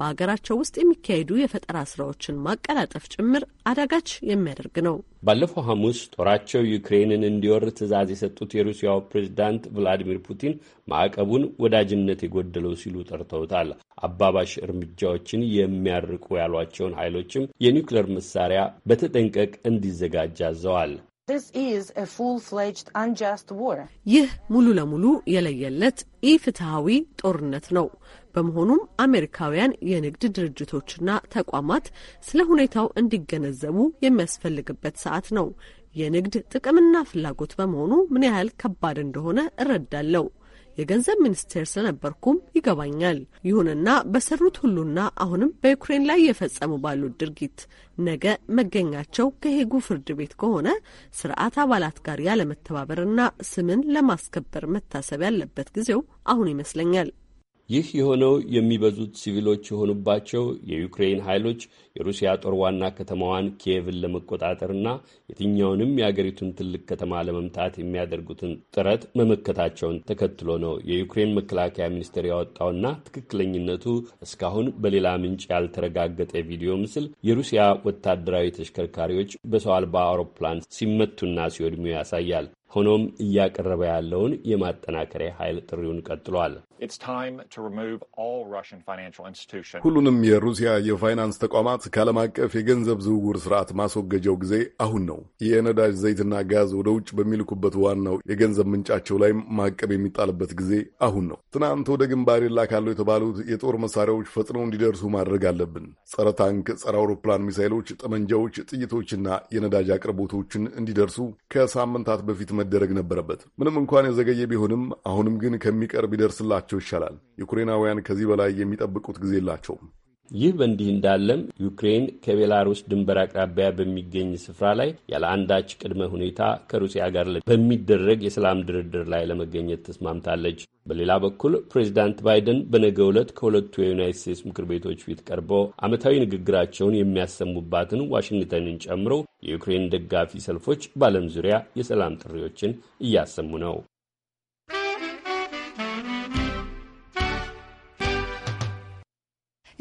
በሀገራቸው ውስጥ የሚካሄዱ የፈጠራ ስራዎችን ማቀላጠፍ ጭምር አዳጋች የሚያደርግ ነው። ባለፈው ሐሙስ ጦራቸው ዩክሬንን እንዲወር ትዕዛዝ የሰጡት የሩሲያው ፕሬዝዳንት ቭላዲሚር ፑቲን ማዕቀቡን ወዳጅነት የጎደለው ሲሉ ጠርተውታል። አባባሽ እርምጃዎችን የሚያርቁ ያሏቸውን ኃይሎችም የኒውክሌር መሳሪያ በተጠንቀቅ እንዲዘጋጅ አዘዋል። ይህ ሙሉ ለሙሉ የለየለት ኢፍትሐዊ ጦርነት ነው። በመሆኑም አሜሪካውያን የንግድ ድርጅቶችና ተቋማት ስለ ሁኔታው እንዲገነዘቡ የሚያስፈልግበት ሰዓት ነው። የንግድ ጥቅምና ፍላጎት በመሆኑ ምን ያህል ከባድ እንደሆነ እረዳለሁ። የገንዘብ ሚኒስቴር ስለነበርኩም ይገባኛል። ይሁንና በሰሩት ሁሉና አሁንም በዩክሬን ላይ የፈጸሙ ባሉት ድርጊት ነገ መገኛቸው ከሄጉ ፍርድ ቤት ከሆነ ስርዓት አባላት ጋር ያለመተባበርና ስምን ለማስከበር መታሰብ ያለበት ጊዜው አሁን ይመስለኛል። ይህ የሆነው የሚበዙት ሲቪሎች የሆኑባቸው የዩክሬን ኃይሎች የሩሲያ ጦር ዋና ከተማዋን ኪየቭን ለመቆጣጠርና የትኛውንም የአገሪቱን ትልቅ ከተማ ለመምታት የሚያደርጉትን ጥረት መመከታቸውን ተከትሎ ነው የዩክሬን መከላከያ ሚኒስቴር ያወጣውና ትክክለኝነቱ እስካሁን በሌላ ምንጭ ያልተረጋገጠ ቪዲዮ ምስል የሩሲያ ወታደራዊ ተሽከርካሪዎች በሰው አልባ አውሮፕላን ሲመቱና ሲወድሙ ያሳያል። ሆኖም እያቀረበ ያለውን የማጠናከሪያ ኃይል ጥሪውን ቀጥሏል። ሁሉንም የሩሲያ የፋይናንስ ተቋማት ከዓለም አቀፍ የገንዘብ ዝውውር ስርዓት ማስወገጃው ጊዜ አሁን ነው። የነዳጅ ዘይትና ጋዝ ወደ ውጭ በሚልኩበት ዋናው የገንዘብ ምንጫቸው ላይ ማዕቀብ የሚጣልበት ጊዜ አሁን ነው። ትናንት ወደ ግንባር ይላካሉ የተባሉት የጦር መሳሪያዎች ፈጥነው እንዲደርሱ ማድረግ አለብን። ጸረ ታንክ፣ ጸረ አውሮፕላን ሚሳይሎች፣ ጠመንጃዎች፣ ጥይቶችና የነዳጅ አቅርቦቶችን እንዲደርሱ ከሳምንታት በፊት መደረግ ነበረበት። ምንም እንኳን የዘገየ ቢሆንም አሁንም ግን ከሚቀርብ ይደርስላቸው ቢኖራቸው ይሻላል። ዩክሬናውያን ከዚህ በላይ የሚጠብቁት ጊዜ የላቸውም። ይህ በእንዲህ እንዳለም ዩክሬን ከቤላሩስ ድንበር አቅራቢያ በሚገኝ ስፍራ ላይ ያለ አንዳች ቅድመ ሁኔታ ከሩሲያ ጋር በሚደረግ የሰላም ድርድር ላይ ለመገኘት ተስማምታለች። በሌላ በኩል ፕሬዚዳንት ባይደን በነገ ዕለት ከሁለቱ የዩናይት ስቴትስ ምክር ቤቶች ፊት ቀርበው ዓመታዊ ንግግራቸውን የሚያሰሙባትን ዋሽንግተንን ጨምሮ የዩክሬን ደጋፊ ሰልፎች በዓለም ዙሪያ የሰላም ጥሪዎችን እያሰሙ ነው።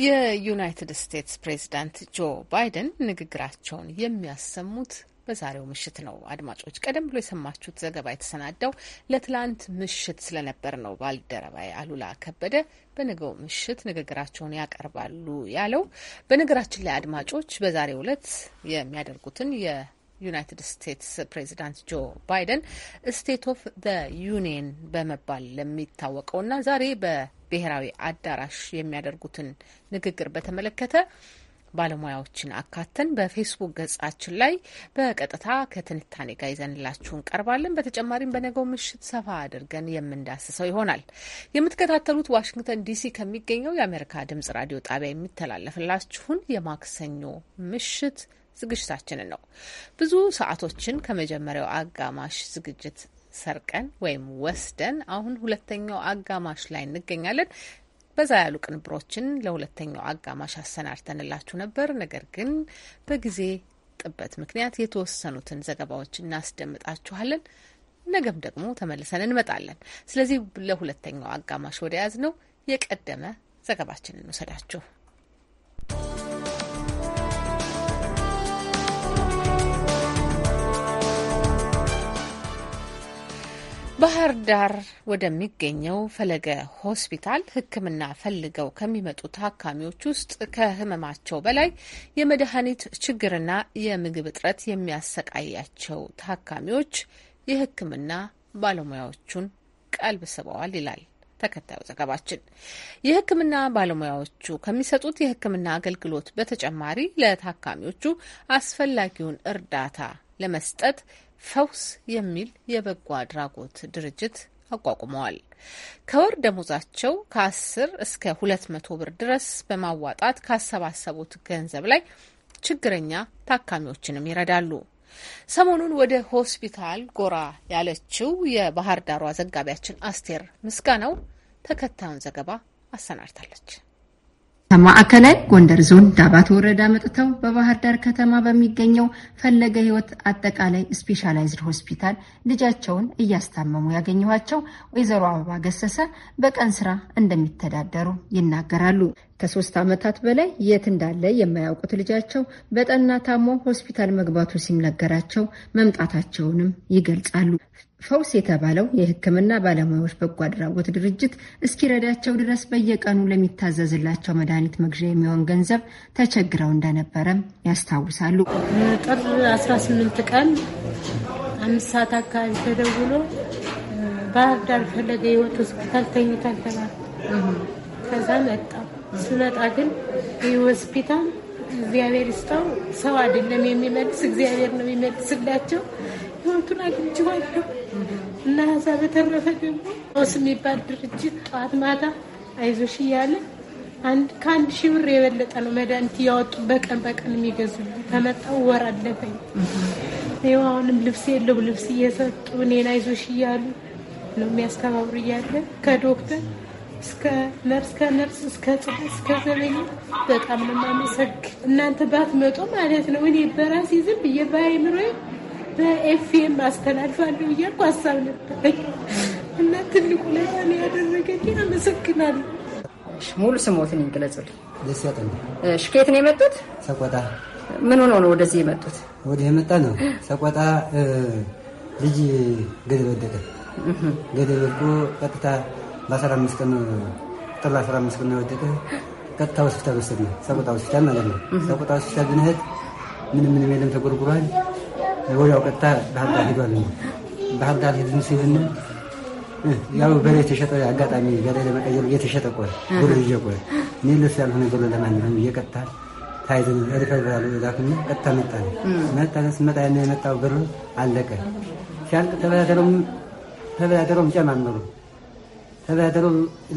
የዩናይትድ ስቴትስ ፕሬዚዳንት ጆ ባይደን ንግግራቸውን የሚያሰሙት በዛሬው ምሽት ነው። አድማጮች፣ ቀደም ብሎ የሰማችሁት ዘገባ የተሰናዳው ለትላንት ምሽት ስለነበር ነው። ባልደረባዬ አሉላ ከበደ በነገው ምሽት ንግግራቸውን ያቀርባሉ ያለው። በነገራችን ላይ አድማጮች በዛሬው ዕለት የሚያደርጉትን ዩናይትድ ስቴትስ ፕሬዚዳንት ጆ ባይደን ስቴት ኦፍ ዘ ዩኒየን በመባል ለሚታወቀውና ዛሬ በብሔራዊ አዳራሽ የሚያደርጉትን ንግግር በተመለከተ ባለሙያዎችን አካተን በፌስቡክ ገጻችን ላይ በቀጥታ ከትንታኔ ጋር ይዘንላችሁ እንቀርባለን። በተጨማሪም በነገው ምሽት ሰፋ አድርገን የምንዳስሰው ይሆናል። የምትከታተሉት ዋሽንግተን ዲሲ ከሚገኘው የአሜሪካ ድምጽ ራዲዮ ጣቢያ የሚተላለፍላችሁን የማክሰኞ ምሽት ዝግጅታችንን ነው። ብዙ ሰዓቶችን ከመጀመሪያው አጋማሽ ዝግጅት ሰርቀን ወይም ወስደን አሁን ሁለተኛው አጋማሽ ላይ እንገኛለን። በዛ ያሉ ቅንብሮችን ለሁለተኛው አጋማሽ አሰናድተንላችሁ ነበር። ነገር ግን በጊዜ ጥበት ምክንያት የተወሰኑትን ዘገባዎች እናስደምጣችኋለን። ነገም ደግሞ ተመልሰን እንመጣለን። ስለዚህ ለሁለተኛው አጋማሽ ወደ ያዝ ነው የቀደመ ዘገባችንን ውሰዳችሁ። ባህር ዳር ወደሚገኘው ፈለገ ሆስፒታል ሕክምና ፈልገው ከሚመጡ ታካሚዎች ውስጥ ከህመማቸው በላይ የመድኃኒት ችግርና የምግብ እጥረት የሚያሰቃያቸው ታካሚዎች የሕክምና ባለሙያዎቹን ቀልብ ስበዋል ይላል ተከታዩ ዘገባችን። የህክምና ባለሙያዎቹ ከሚሰጡት የህክምና አገልግሎት በተጨማሪ ለታካሚዎቹ አስፈላጊውን እርዳታ ለመስጠት ፈውስ የሚል የበጎ አድራጎት ድርጅት አቋቁመዋል። ከወር ደሞዛቸው ከ10 እስከ 200 ብር ድረስ በማዋጣት ካሰባሰቡት ገንዘብ ላይ ችግረኛ ታካሚዎችንም ይረዳሉ። ሰሞኑን ወደ ሆስፒታል ጎራ ያለችው የባህር ዳሯ ዘጋቢያችን አስቴር ምስጋናው ተከታዩን ዘገባ አሰናድታለች። ከማዕከላዊ ጎንደር ዞን ዳባት ወረዳ መጥተው በባህር ዳር ከተማ በሚገኘው ፈለገ ሕይወት አጠቃላይ ስፔሻላይዝድ ሆስፒታል ልጃቸውን እያስታመሙ ያገኘኋቸው ወይዘሮ አበባ ገሰሰ በቀን ስራ እንደሚተዳደሩ ይናገራሉ። ከሶስት ዓመታት በላይ የት እንዳለ የማያውቁት ልጃቸው በጠና ታሞ ሆስፒታል መግባቱ ሲነገራቸው መምጣታቸውንም ይገልጻሉ። ፈውስ የተባለው የሕክምና ባለሙያዎች በጎ አድራጎት ድርጅት እስኪረዳቸው ድረስ በየቀኑ ለሚታዘዝላቸው መድኃኒት መግዣ የሚሆን ገንዘብ ተቸግረው እንደነበረም ያስታውሳሉ። ጥር 18 ቀን አምስት ሰዓት አካባቢ ተደውሎ ባህር ዳር ፈለገ ህይወት ሆስፒታል ተኝታል ተባለ። ከዛ መጣ። ስመጣ ግን ይህ ሆስፒታል እግዚአብሔር ይስጠው ሰው አይደለም የሚመልስ እግዚአብሔር ነው የሚመልስላቸው ሁለቱን አግኝቼዋለሁ እና እዛ በተረፈ ደግሞ ሮስ የሚባል ድርጅት ጠዋት ማታ አይዞሽ እያለ ከአንድ ሺህ ብር የበለጠ ነው መድኃኒት እያወጡ በቀን በቀን የሚገዙልኝ። ከመጣሁ ወር አለፈኝ። ይኸው አሁንም ልብስ የለውም ልብስ እየሰጡ እኔን አይዞሽ እያሉ ነው የሚያስተባብሩ እያለ ከዶክተር እስከ ነርስ ከነርስ እስከ ጽዳት እስከ ዘበኛ በጣም ነው የማመሰግን። እናንተ ባትመጡ ማለት ነው እኔ በራሴ ዝም ብዬ በአይምሮዬ በኤፍኤም አስተላልፋለሁ እያልኩ ሀሳብ ነበር እና ትልቁ ለባል ያደረገኝ አመሰግናለሁ። ሙሉ ስሞትን ይግለጹልኝ። ሽኬት ነው የመጡት? ሰቆጣ። ምን ሆነው ነው ወደዚህ የመጡት? ወደ የመጣ ነው ሰቆጣ ልጅ ገደብ ወደቀ። ገደብ ወድቆ ቀጥታ በ15 ቀን ጥር 15 ቀን ወደቀ። ቀጥታ ሆስፒታል ወሰድ ነው ሰቆጣ ሆስፒታል ማለት ነው። ሰቆጣ ሆስፒታል ብንሄድ ምንም ምንም የለም ተጎርጉሯል። ወዲያው ቀጥታ ባህርዳር ዳር ባህርዳር ባህር ዳር ሄድን ያው በሬ የተሸጠ አጋጣሚ ገዳ ለመቀየሩ እየተሸጠ ቆይ ጉር ልጅ እኔ ለስ ያልሆነ ብሎ ለማንም እየቀጥታ ታይዘን ሪፈራሉ ዛፍና ቀጥታ መጣ መጣ ስመጣ ያን የመጣው ብር አለቀ ሲያልቅ ተበዳደረውም ተበዳደረውም ጨማመሩ ተበደሩ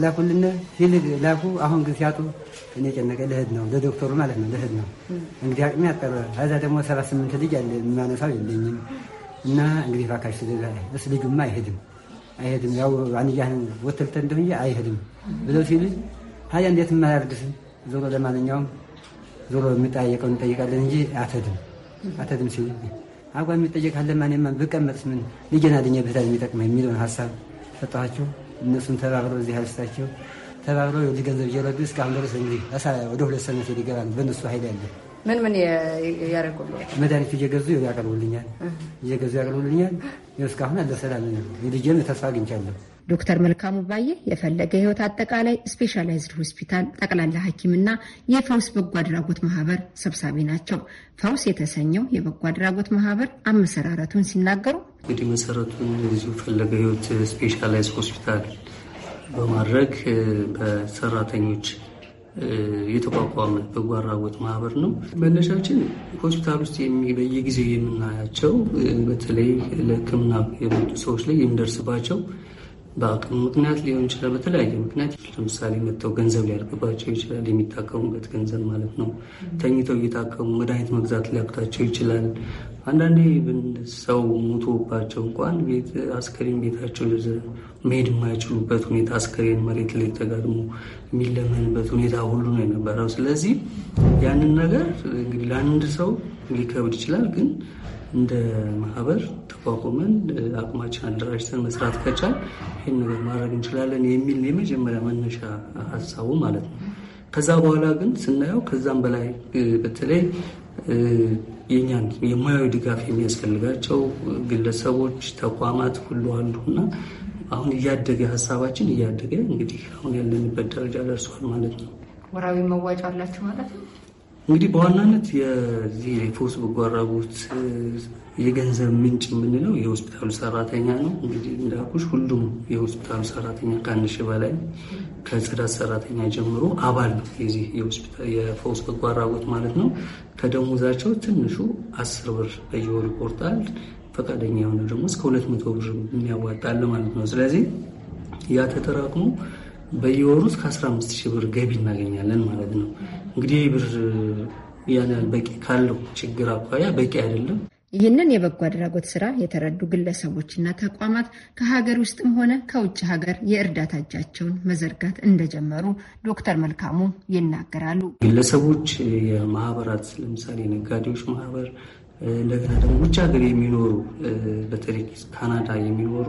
ላኩልን ሲልግ ላኩ። አሁን ግን ሲያጡ እኔ ጨነቀኝ። ልሄድ ነው ለዶክተሩ ማለት ነው ልሄድ ነው እንግዲህ አቅሜ ያጠረ ከዛ ደግሞ ሰባ ስምንት ልጅ አለ የማነሳው የለኝም እና እንግዲህ ባካሽ እስ ልጁማ አይሄድም አይሄድም ያው አንያህን ወተልተ እንደሆ አይሄድም ብለው ሲሉኝ ታዲያ እንዴት የማያርግስ ዞሮ ለማንኛውም ዞሮ የሚጠየቀውን እንጠይቃለን እንጂ አትሄድም አትሄድም ሲሉኝ አጓ የሚጠየቅ አለ ማን ብቀመጥስ ምን ልጄን አድኜ ብህታል የሚጠቅመ የሚለውን ሀሳብ ሰጠኋቸው። እነሱም ተባብረው እዚህ አንስታቸው ተባብረው የወዲህ ገንዘብ እየረዱ እስካሁን ድረስ እንግዲህ ወደ ሁለት ሰነት ሊገባ ነው። በእነሱ ኃይል ያለ ምን ምን ያደረጉልኛል? መድኃኒት እየገዙ ያቀርቡልኛል፣ እየገዙ ያቀርቡልኛል። እስካሁን አለ ሰላም። ልጄም ተስፋ አግኝቻለሁ። ዶክተር መልካሙ ባዬ የፈለገ ህይወት አጠቃላይ ስፔሻላይዝድ ሆስፒታል ጠቅላላ ሐኪምና የፈውስ በጎ አድራጎት ማህበር ሰብሳቢ ናቸው። ፈውስ የተሰኘው የበጎ አድራጎት ማህበር አመሰራረቱን ሲናገሩ እንግዲህ መሰረቱን እዚሁ ፈለገ ህይወት ስፔሻላይዝድ ሆስፒታል በማድረግ በሰራተኞች የተቋቋመ በጎ አድራጎት ማህበር ነው። መነሻችን ሆስፒታል ውስጥ በየጊዜው የምናያቸው በተለይ ለህክምና የመጡ ሰዎች ላይ የሚደርስባቸው በአቅሙ ምክንያት ሊሆን ይችላል። በተለያየ ምክንያት ለምሳሌ መጥተው ገንዘብ ሊያርቅባቸው ይችላል። የሚታከሙበት ገንዘብ ማለት ነው። ተኝተው እየታከሙ መድኃኒት መግዛት ሊያቅታቸው ይችላል። አንዳንዴ ሰው ሙቶባቸው እንኳን ቤት አስከሬን ቤታቸው መሄድ የማይችሉበት ሁኔታ አስከሬን መሬት ላይ ተጋድሞ የሚለመንበት ሁኔታ ሁሉ ነው የነበረው። ስለዚህ ያንን ነገር እንግዲህ ለአንድ ሰው ሊከብድ ይችላል ግን እንደ ማህበር ተቋቁመን አቅማችን አደራጅተን መስራት ከቻል ይህን ነገር ማድረግ እንችላለን የሚል የመጀመሪያ መነሻ ሀሳቡ ማለት ነው። ከዛ በኋላ ግን ስናየው ከዛም በላይ በተለይ የኛን የሙያዊ ድጋፍ የሚያስፈልጋቸው ግለሰቦች፣ ተቋማት ሁሉ እና አሁን እያደገ ሀሳባችን እያደገ እንግዲህ አሁን ያለንበት ደረጃ ደርሷል ማለት ነው። ወራዊ መዋጮ አላችሁ ማለት ነው። እንግዲህ በዋናነት የዚህ የፎስ በጎ አድራጎት የገንዘብ ምንጭ የምንለው የሆስፒታሉ ሰራተኛ ነው። እንግዲህ እንዳልኩሽ ሁሉም የሆስፒታሉ ሰራተኛ ከአንድ ሺህ በላይ ከጽዳት ሰራተኛ ጀምሮ አባል ነው የዚህ የፎስ በጎ አድራጎት ማለት ነው። ከደሞዛቸው ትንሹ አስር ብር በየወሩ ይቆርጣል። ፈቃደኛ የሆነ ደግሞ እስከ ሁለት መቶ ብር የሚያዋጣል ማለት ነው። ስለዚህ ያ ተጠራቅሞ በየወሩ እስከ አስራ አምስት ሺህ ብር ገቢ እናገኛለን ማለት ነው። እንግዲህ ብር ያን ያህል በቂ ካለው ችግር አኳያ በቂ አይደለም። ይህንን የበጎ አድራጎት ስራ የተረዱ ግለሰቦችና ተቋማት ከሀገር ውስጥም ሆነ ከውጭ ሀገር የእርዳታ እጃቸውን መዘርጋት እንደጀመሩ ዶክተር መልካሙ ይናገራሉ። ግለሰቦች፣ የማህበራት ለምሳሌ ነጋዴዎች ማህበር እንደገና ደግሞ ውጭ ሀገር የሚኖሩ በተለይ ካናዳ የሚኖሩ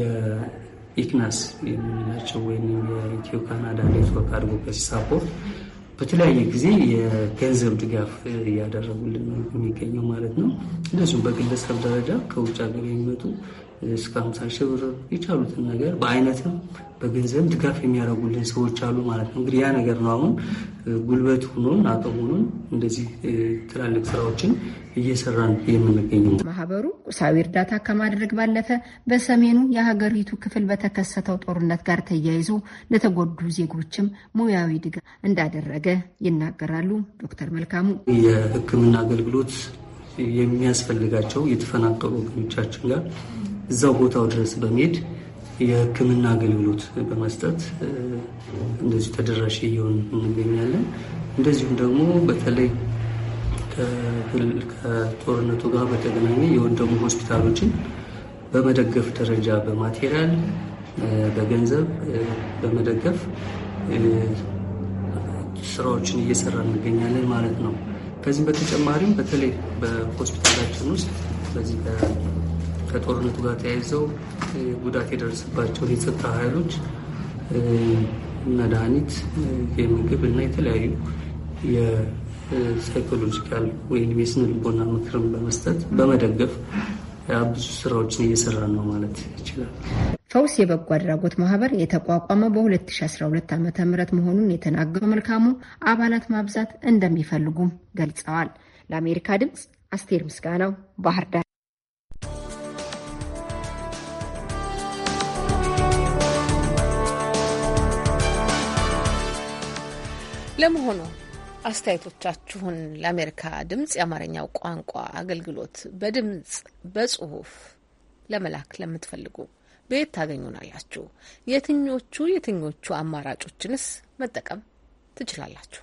የኢክናስ የምንላቸው ወይም የኢትዮ ካናዳ ኔትወርክ አድርጎ ሳፖርት በተለያየ ጊዜ የገንዘብ ድጋፍ እያደረጉልን የሚገኘው ማለት ነው። እንደዚሁም በግለሰብ ደረጃ ከውጭ ሀገር የሚመጡ እስከ ሀምሳ ሺህ ብር የቻሉትን ነገር በአይነትም በገንዘብ ድጋፍ የሚያደርጉልን ሰዎች አሉ ማለት ነው። እንግዲህ ያ ነገር ነው አሁን ጉልበት ሆኖን አቅም ሆኖን እንደዚህ ትላልቅ ስራዎችን እየሰራን የምንገኘው። ማህበሩ ቁሳዊ እርዳታ ከማድረግ ባለፈ በሰሜኑ የሀገሪቱ ክፍል በተከሰተው ጦርነት ጋር ተያይዞ ለተጎዱ ዜጎችም ሙያዊ ድጋፍ እንዳደረገ ይናገራሉ ዶክተር መልካሙ የሕክምና አገልግሎት የሚያስፈልጋቸው የተፈናቀሉ ወገኖቻችን ጋር እዛው ቦታው ድረስ በመሄድ የሕክምና አገልግሎት በመስጠት እንደዚሁ ተደራሽ እየሆን እንገኛለን። እንደዚሁም ደግሞ በተለይ ከጦርነቱ ጋር በተገናኘ የወደሙ ሆስፒታሎችን በመደገፍ ደረጃ በማቴሪያል፣ በገንዘብ በመደገፍ ስራዎችን እየሰራ እንገኛለን ማለት ነው። ከዚህም በተጨማሪም በተለይ በሆስፒታላችን ውስጥ በዚህ ከጦርነቱ ጋር ተያይዘው ጉዳት የደረሰባቸው የጸጥታ ኃይሎች መድኃኒት፣ የምግብ እና የተለያዩ የሳይኮሎጂካል ወይም የስነ ልቦና ምክርን በመስጠት በመደገፍ ብዙ ስራዎችን እየሰራ ነው ማለት ይችላል። ፈውስ የበጎ አድራጎት ማህበር የተቋቋመ በ2012 ዓ ም መሆኑን የተናገረው መልካሙ አባላት ማብዛት እንደሚፈልጉም ገልጸዋል። ለአሜሪካ ድምፅ አስቴር ምስጋናው ባህር ዳር። ለመሆኑ አስተያየቶቻችሁን ለአሜሪካ ድምጽ የአማርኛው ቋንቋ አገልግሎት በድምጽ በጽሁፍ ለመላክ ለምትፈልጉ በየት ታገኙናላችሁ? የትኞቹ የትኞቹ አማራጮችንስ መጠቀም ትችላላችሁ?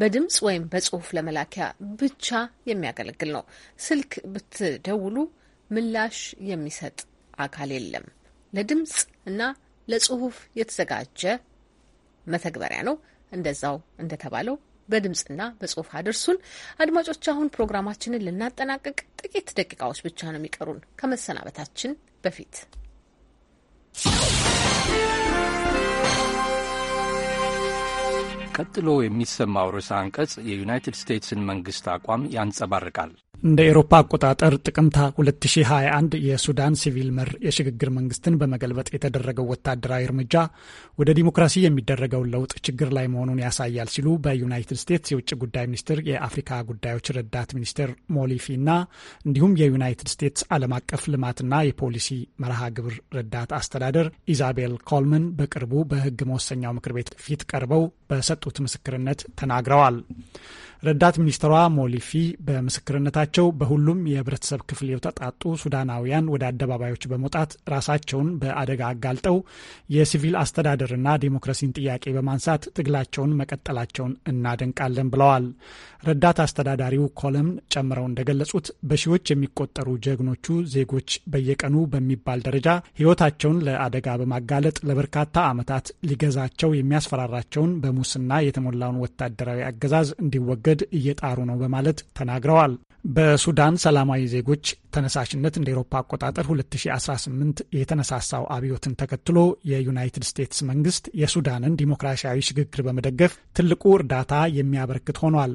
በድምፅ ወይም በጽሁፍ ለመላኪያ ብቻ የሚያገለግል ነው። ስልክ ብትደውሉ ምላሽ የሚሰጥ አካል የለም። ለድምፅ እና ለጽሁፍ የተዘጋጀ መተግበሪያ ነው። እንደዛው እንደተባለው በድምፅና በጽሁፍ አድርሱን። አድማጮች፣ አሁን ፕሮግራማችንን ልናጠናቅቅ ጥቂት ደቂቃዎች ብቻ ነው የሚቀሩን ከመሰናበታችን በፊት ቀጥሎ የሚሰማው ርዕሰ አንቀጽ የዩናይትድ ስቴትስን መንግሥት አቋም ያንጸባርቃል። እንደ ኤሮፓ አቆጣጠር ጥቅምት 2021 የሱዳን ሲቪል መር የሽግግር መንግስትን በመገልበጥ የተደረገው ወታደራዊ እርምጃ ወደ ዲሞክራሲ የሚደረገውን ለውጥ ችግር ላይ መሆኑን ያሳያል ሲሉ በዩናይትድ ስቴትስ የውጭ ጉዳይ ሚኒስትር የአፍሪካ ጉዳዮች ረዳት ሚኒስትር ሞሊፊ እና እንዲሁም የዩናይትድ ስቴትስ ዓለም አቀፍ ልማትና የፖሊሲ መርሃ ግብር ረዳት አስተዳደር ኢዛቤል ኮልመን በቅርቡ በህግ መወሰኛው ምክር ቤት ፊት ቀርበው በሰጡት ምስክርነት ተናግረዋል። ረዳት ሚኒስትሯ ሞሊፊ በምስክርነታቸው በሁሉም የህብረተሰብ ክፍል የተጣጡ ሱዳናውያን ወደ አደባባዮች በመውጣት ራሳቸውን በአደጋ አጋልጠው የሲቪል አስተዳደርና ዴሞክራሲን ጥያቄ በማንሳት ትግላቸውን መቀጠላቸውን እናደንቃለን ብለዋል። ረዳት አስተዳዳሪው ኮለም ጨምረው እንደገለጹት በሺዎች የሚቆጠሩ ጀግኖቹ ዜጎች በየቀኑ በሚባል ደረጃ ህይወታቸውን ለአደጋ በማጋለጥ ለበርካታ ዓመታት ሊገዛቸው የሚያስፈራራቸውን በሙስና የተሞላውን ወታደራዊ አገዛዝ እንዲወ። ለማስወገድ እየጣሩ ነው በማለት ተናግረዋል። በሱዳን ሰላማዊ ዜጎች ተነሳሽነት እንደ ኤሮፓ አቆጣጠር 2018 የተነሳሳው አብዮትን ተከትሎ የዩናይትድ ስቴትስ መንግስት የሱዳንን ዲሞክራሲያዊ ሽግግር በመደገፍ ትልቁ እርዳታ የሚያበረክት ሆኗል።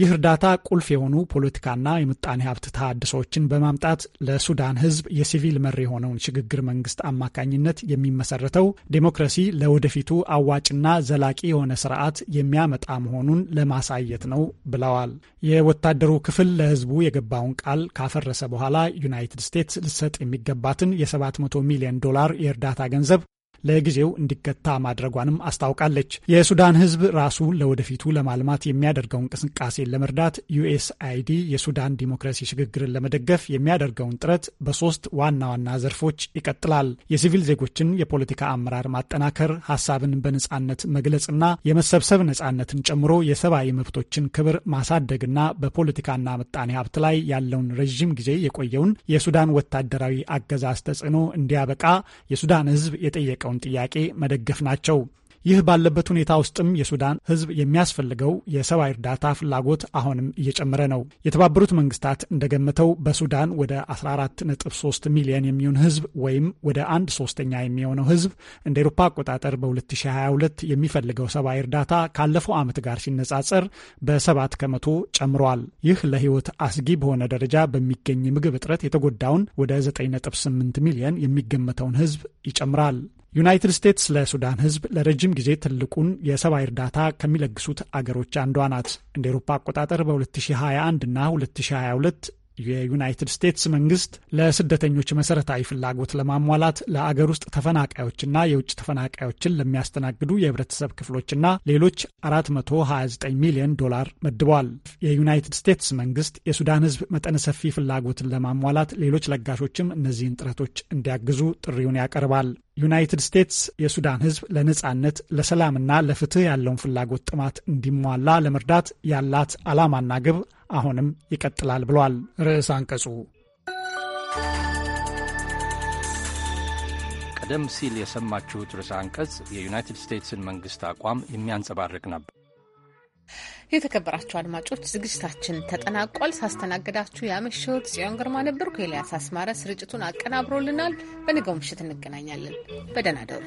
ይህ እርዳታ ቁልፍ የሆኑ ፖለቲካና የምጣኔ ሀብት ተሃድሶችን በማምጣት ለሱዳን ህዝብ የሲቪል መር የሆነውን ሽግግር መንግስት አማካኝነት የሚመሰረተው ዴሞክራሲ ለወደፊቱ አዋጭና ዘላቂ የሆነ ስርዓት የሚያመጣ መሆኑን ለማሳየት ነው ብለዋል። የወታደሩ ክፍል ለህዝቡ የገባውን ቃል ካፈረሰ በኋላ በኋላ ዩናይትድ ስቴትስ ልትሰጥ የሚገባትን የ700 ሚሊዮን ዶላር የእርዳታ ገንዘብ ለጊዜው እንዲገታ ማድረጓንም አስታውቃለች። የሱዳን ሕዝብ ራሱ ለወደፊቱ ለማልማት የሚያደርገው እንቅስቃሴ ለመርዳት ዩኤስ የሱዳን ዲሞክራሲ ሽግግርን ለመደገፍ የሚያደርገውን ጥረት በሶስት ዋና ዋና ዘርፎች ይቀጥላል። የሲቪል ዜጎችን የፖለቲካ አመራር ማጠናከር፣ ሀሳብን በነጻነት መግለጽና የመሰብሰብ ነጻነትን ጨምሮ የሰብአዊ መብቶችን ክብር ማሳደግና በፖለቲካና ምጣኔ ሀብት ላይ ያለውን ረዥም ጊዜ የቆየውን የሱዳን ወታደራዊ አገዛዝ ተጽዕኖ እንዲያበቃ የሱዳን ሕዝብ የጠየቀው የተነሳውን ጥያቄ መደገፍ ናቸው። ይህ ባለበት ሁኔታ ውስጥም የሱዳን ሕዝብ የሚያስፈልገው የሰብአዊ እርዳታ ፍላጎት አሁንም እየጨመረ ነው። የተባበሩት መንግስታት እንደገመተው በሱዳን ወደ 14.3 ሚሊዮን የሚሆን ሕዝብ ወይም ወደ አንድ ሶስተኛ የሚሆነው ሕዝብ እንደ ኤሮፓ አቆጣጠር በ2022 የሚፈልገው ሰብአዊ እርዳታ ካለፈው ዓመት ጋር ሲነጻጸር በሰባት ከመቶ ጨምሯል። ይህ ለሕይወት አስጊ በሆነ ደረጃ በሚገኝ ምግብ እጥረት የተጎዳውን ወደ 9.8 ሚሊዮን የሚገመተውን ሕዝብ ይጨምራል። ዩናይትድ ስቴትስ ለሱዳን ህዝብ ለረጅም ጊዜ ትልቁን የሰብአዊ እርዳታ ከሚለግሱት አገሮች አንዷ ናት። እንደ ኤሮፓ አቆጣጠር በ2021 እና 2022 የዩናይትድ ስቴትስ መንግስት ለስደተኞች መሰረታዊ ፍላጎት ለማሟላት ለአገር ውስጥ ተፈናቃዮችና የውጭ ተፈናቃዮችን ለሚያስተናግዱ የህብረተሰብ ክፍሎችና ሌሎች 429 ሚሊዮን ዶላር መድበዋል። የዩናይትድ ስቴትስ መንግስት የሱዳን ህዝብ መጠነ ሰፊ ፍላጎትን ለማሟላት ሌሎች ለጋሾችም እነዚህን ጥረቶች እንዲያግዙ ጥሪውን ያቀርባል። ዩናይትድ ስቴትስ የሱዳን ህዝብ ለነጻነት ለሰላምና ለፍትህ ያለውን ፍላጎት ጥማት እንዲሟላ ለመርዳት ያላት ዓላማና ግብ አሁንም ይቀጥላል ብሏል ርዕስ አንቀጹ። ቀደም ሲል የሰማችሁት ርዕስ አንቀጽ የዩናይትድ ስቴትስን መንግስት አቋም የሚያንጸባርቅ ነበር። የተከበራችሁ አድማጮች ዝግጅታችን ተጠናቋል። ሳስተናግዳችሁ ያመሸሁት ጽዮን ግርማ ነበርኩ። ኤልያስ አስማረ ስርጭቱን አቀናብሮልናል። በንጋው ምሽት እንገናኛለን። በደህና ደሩ።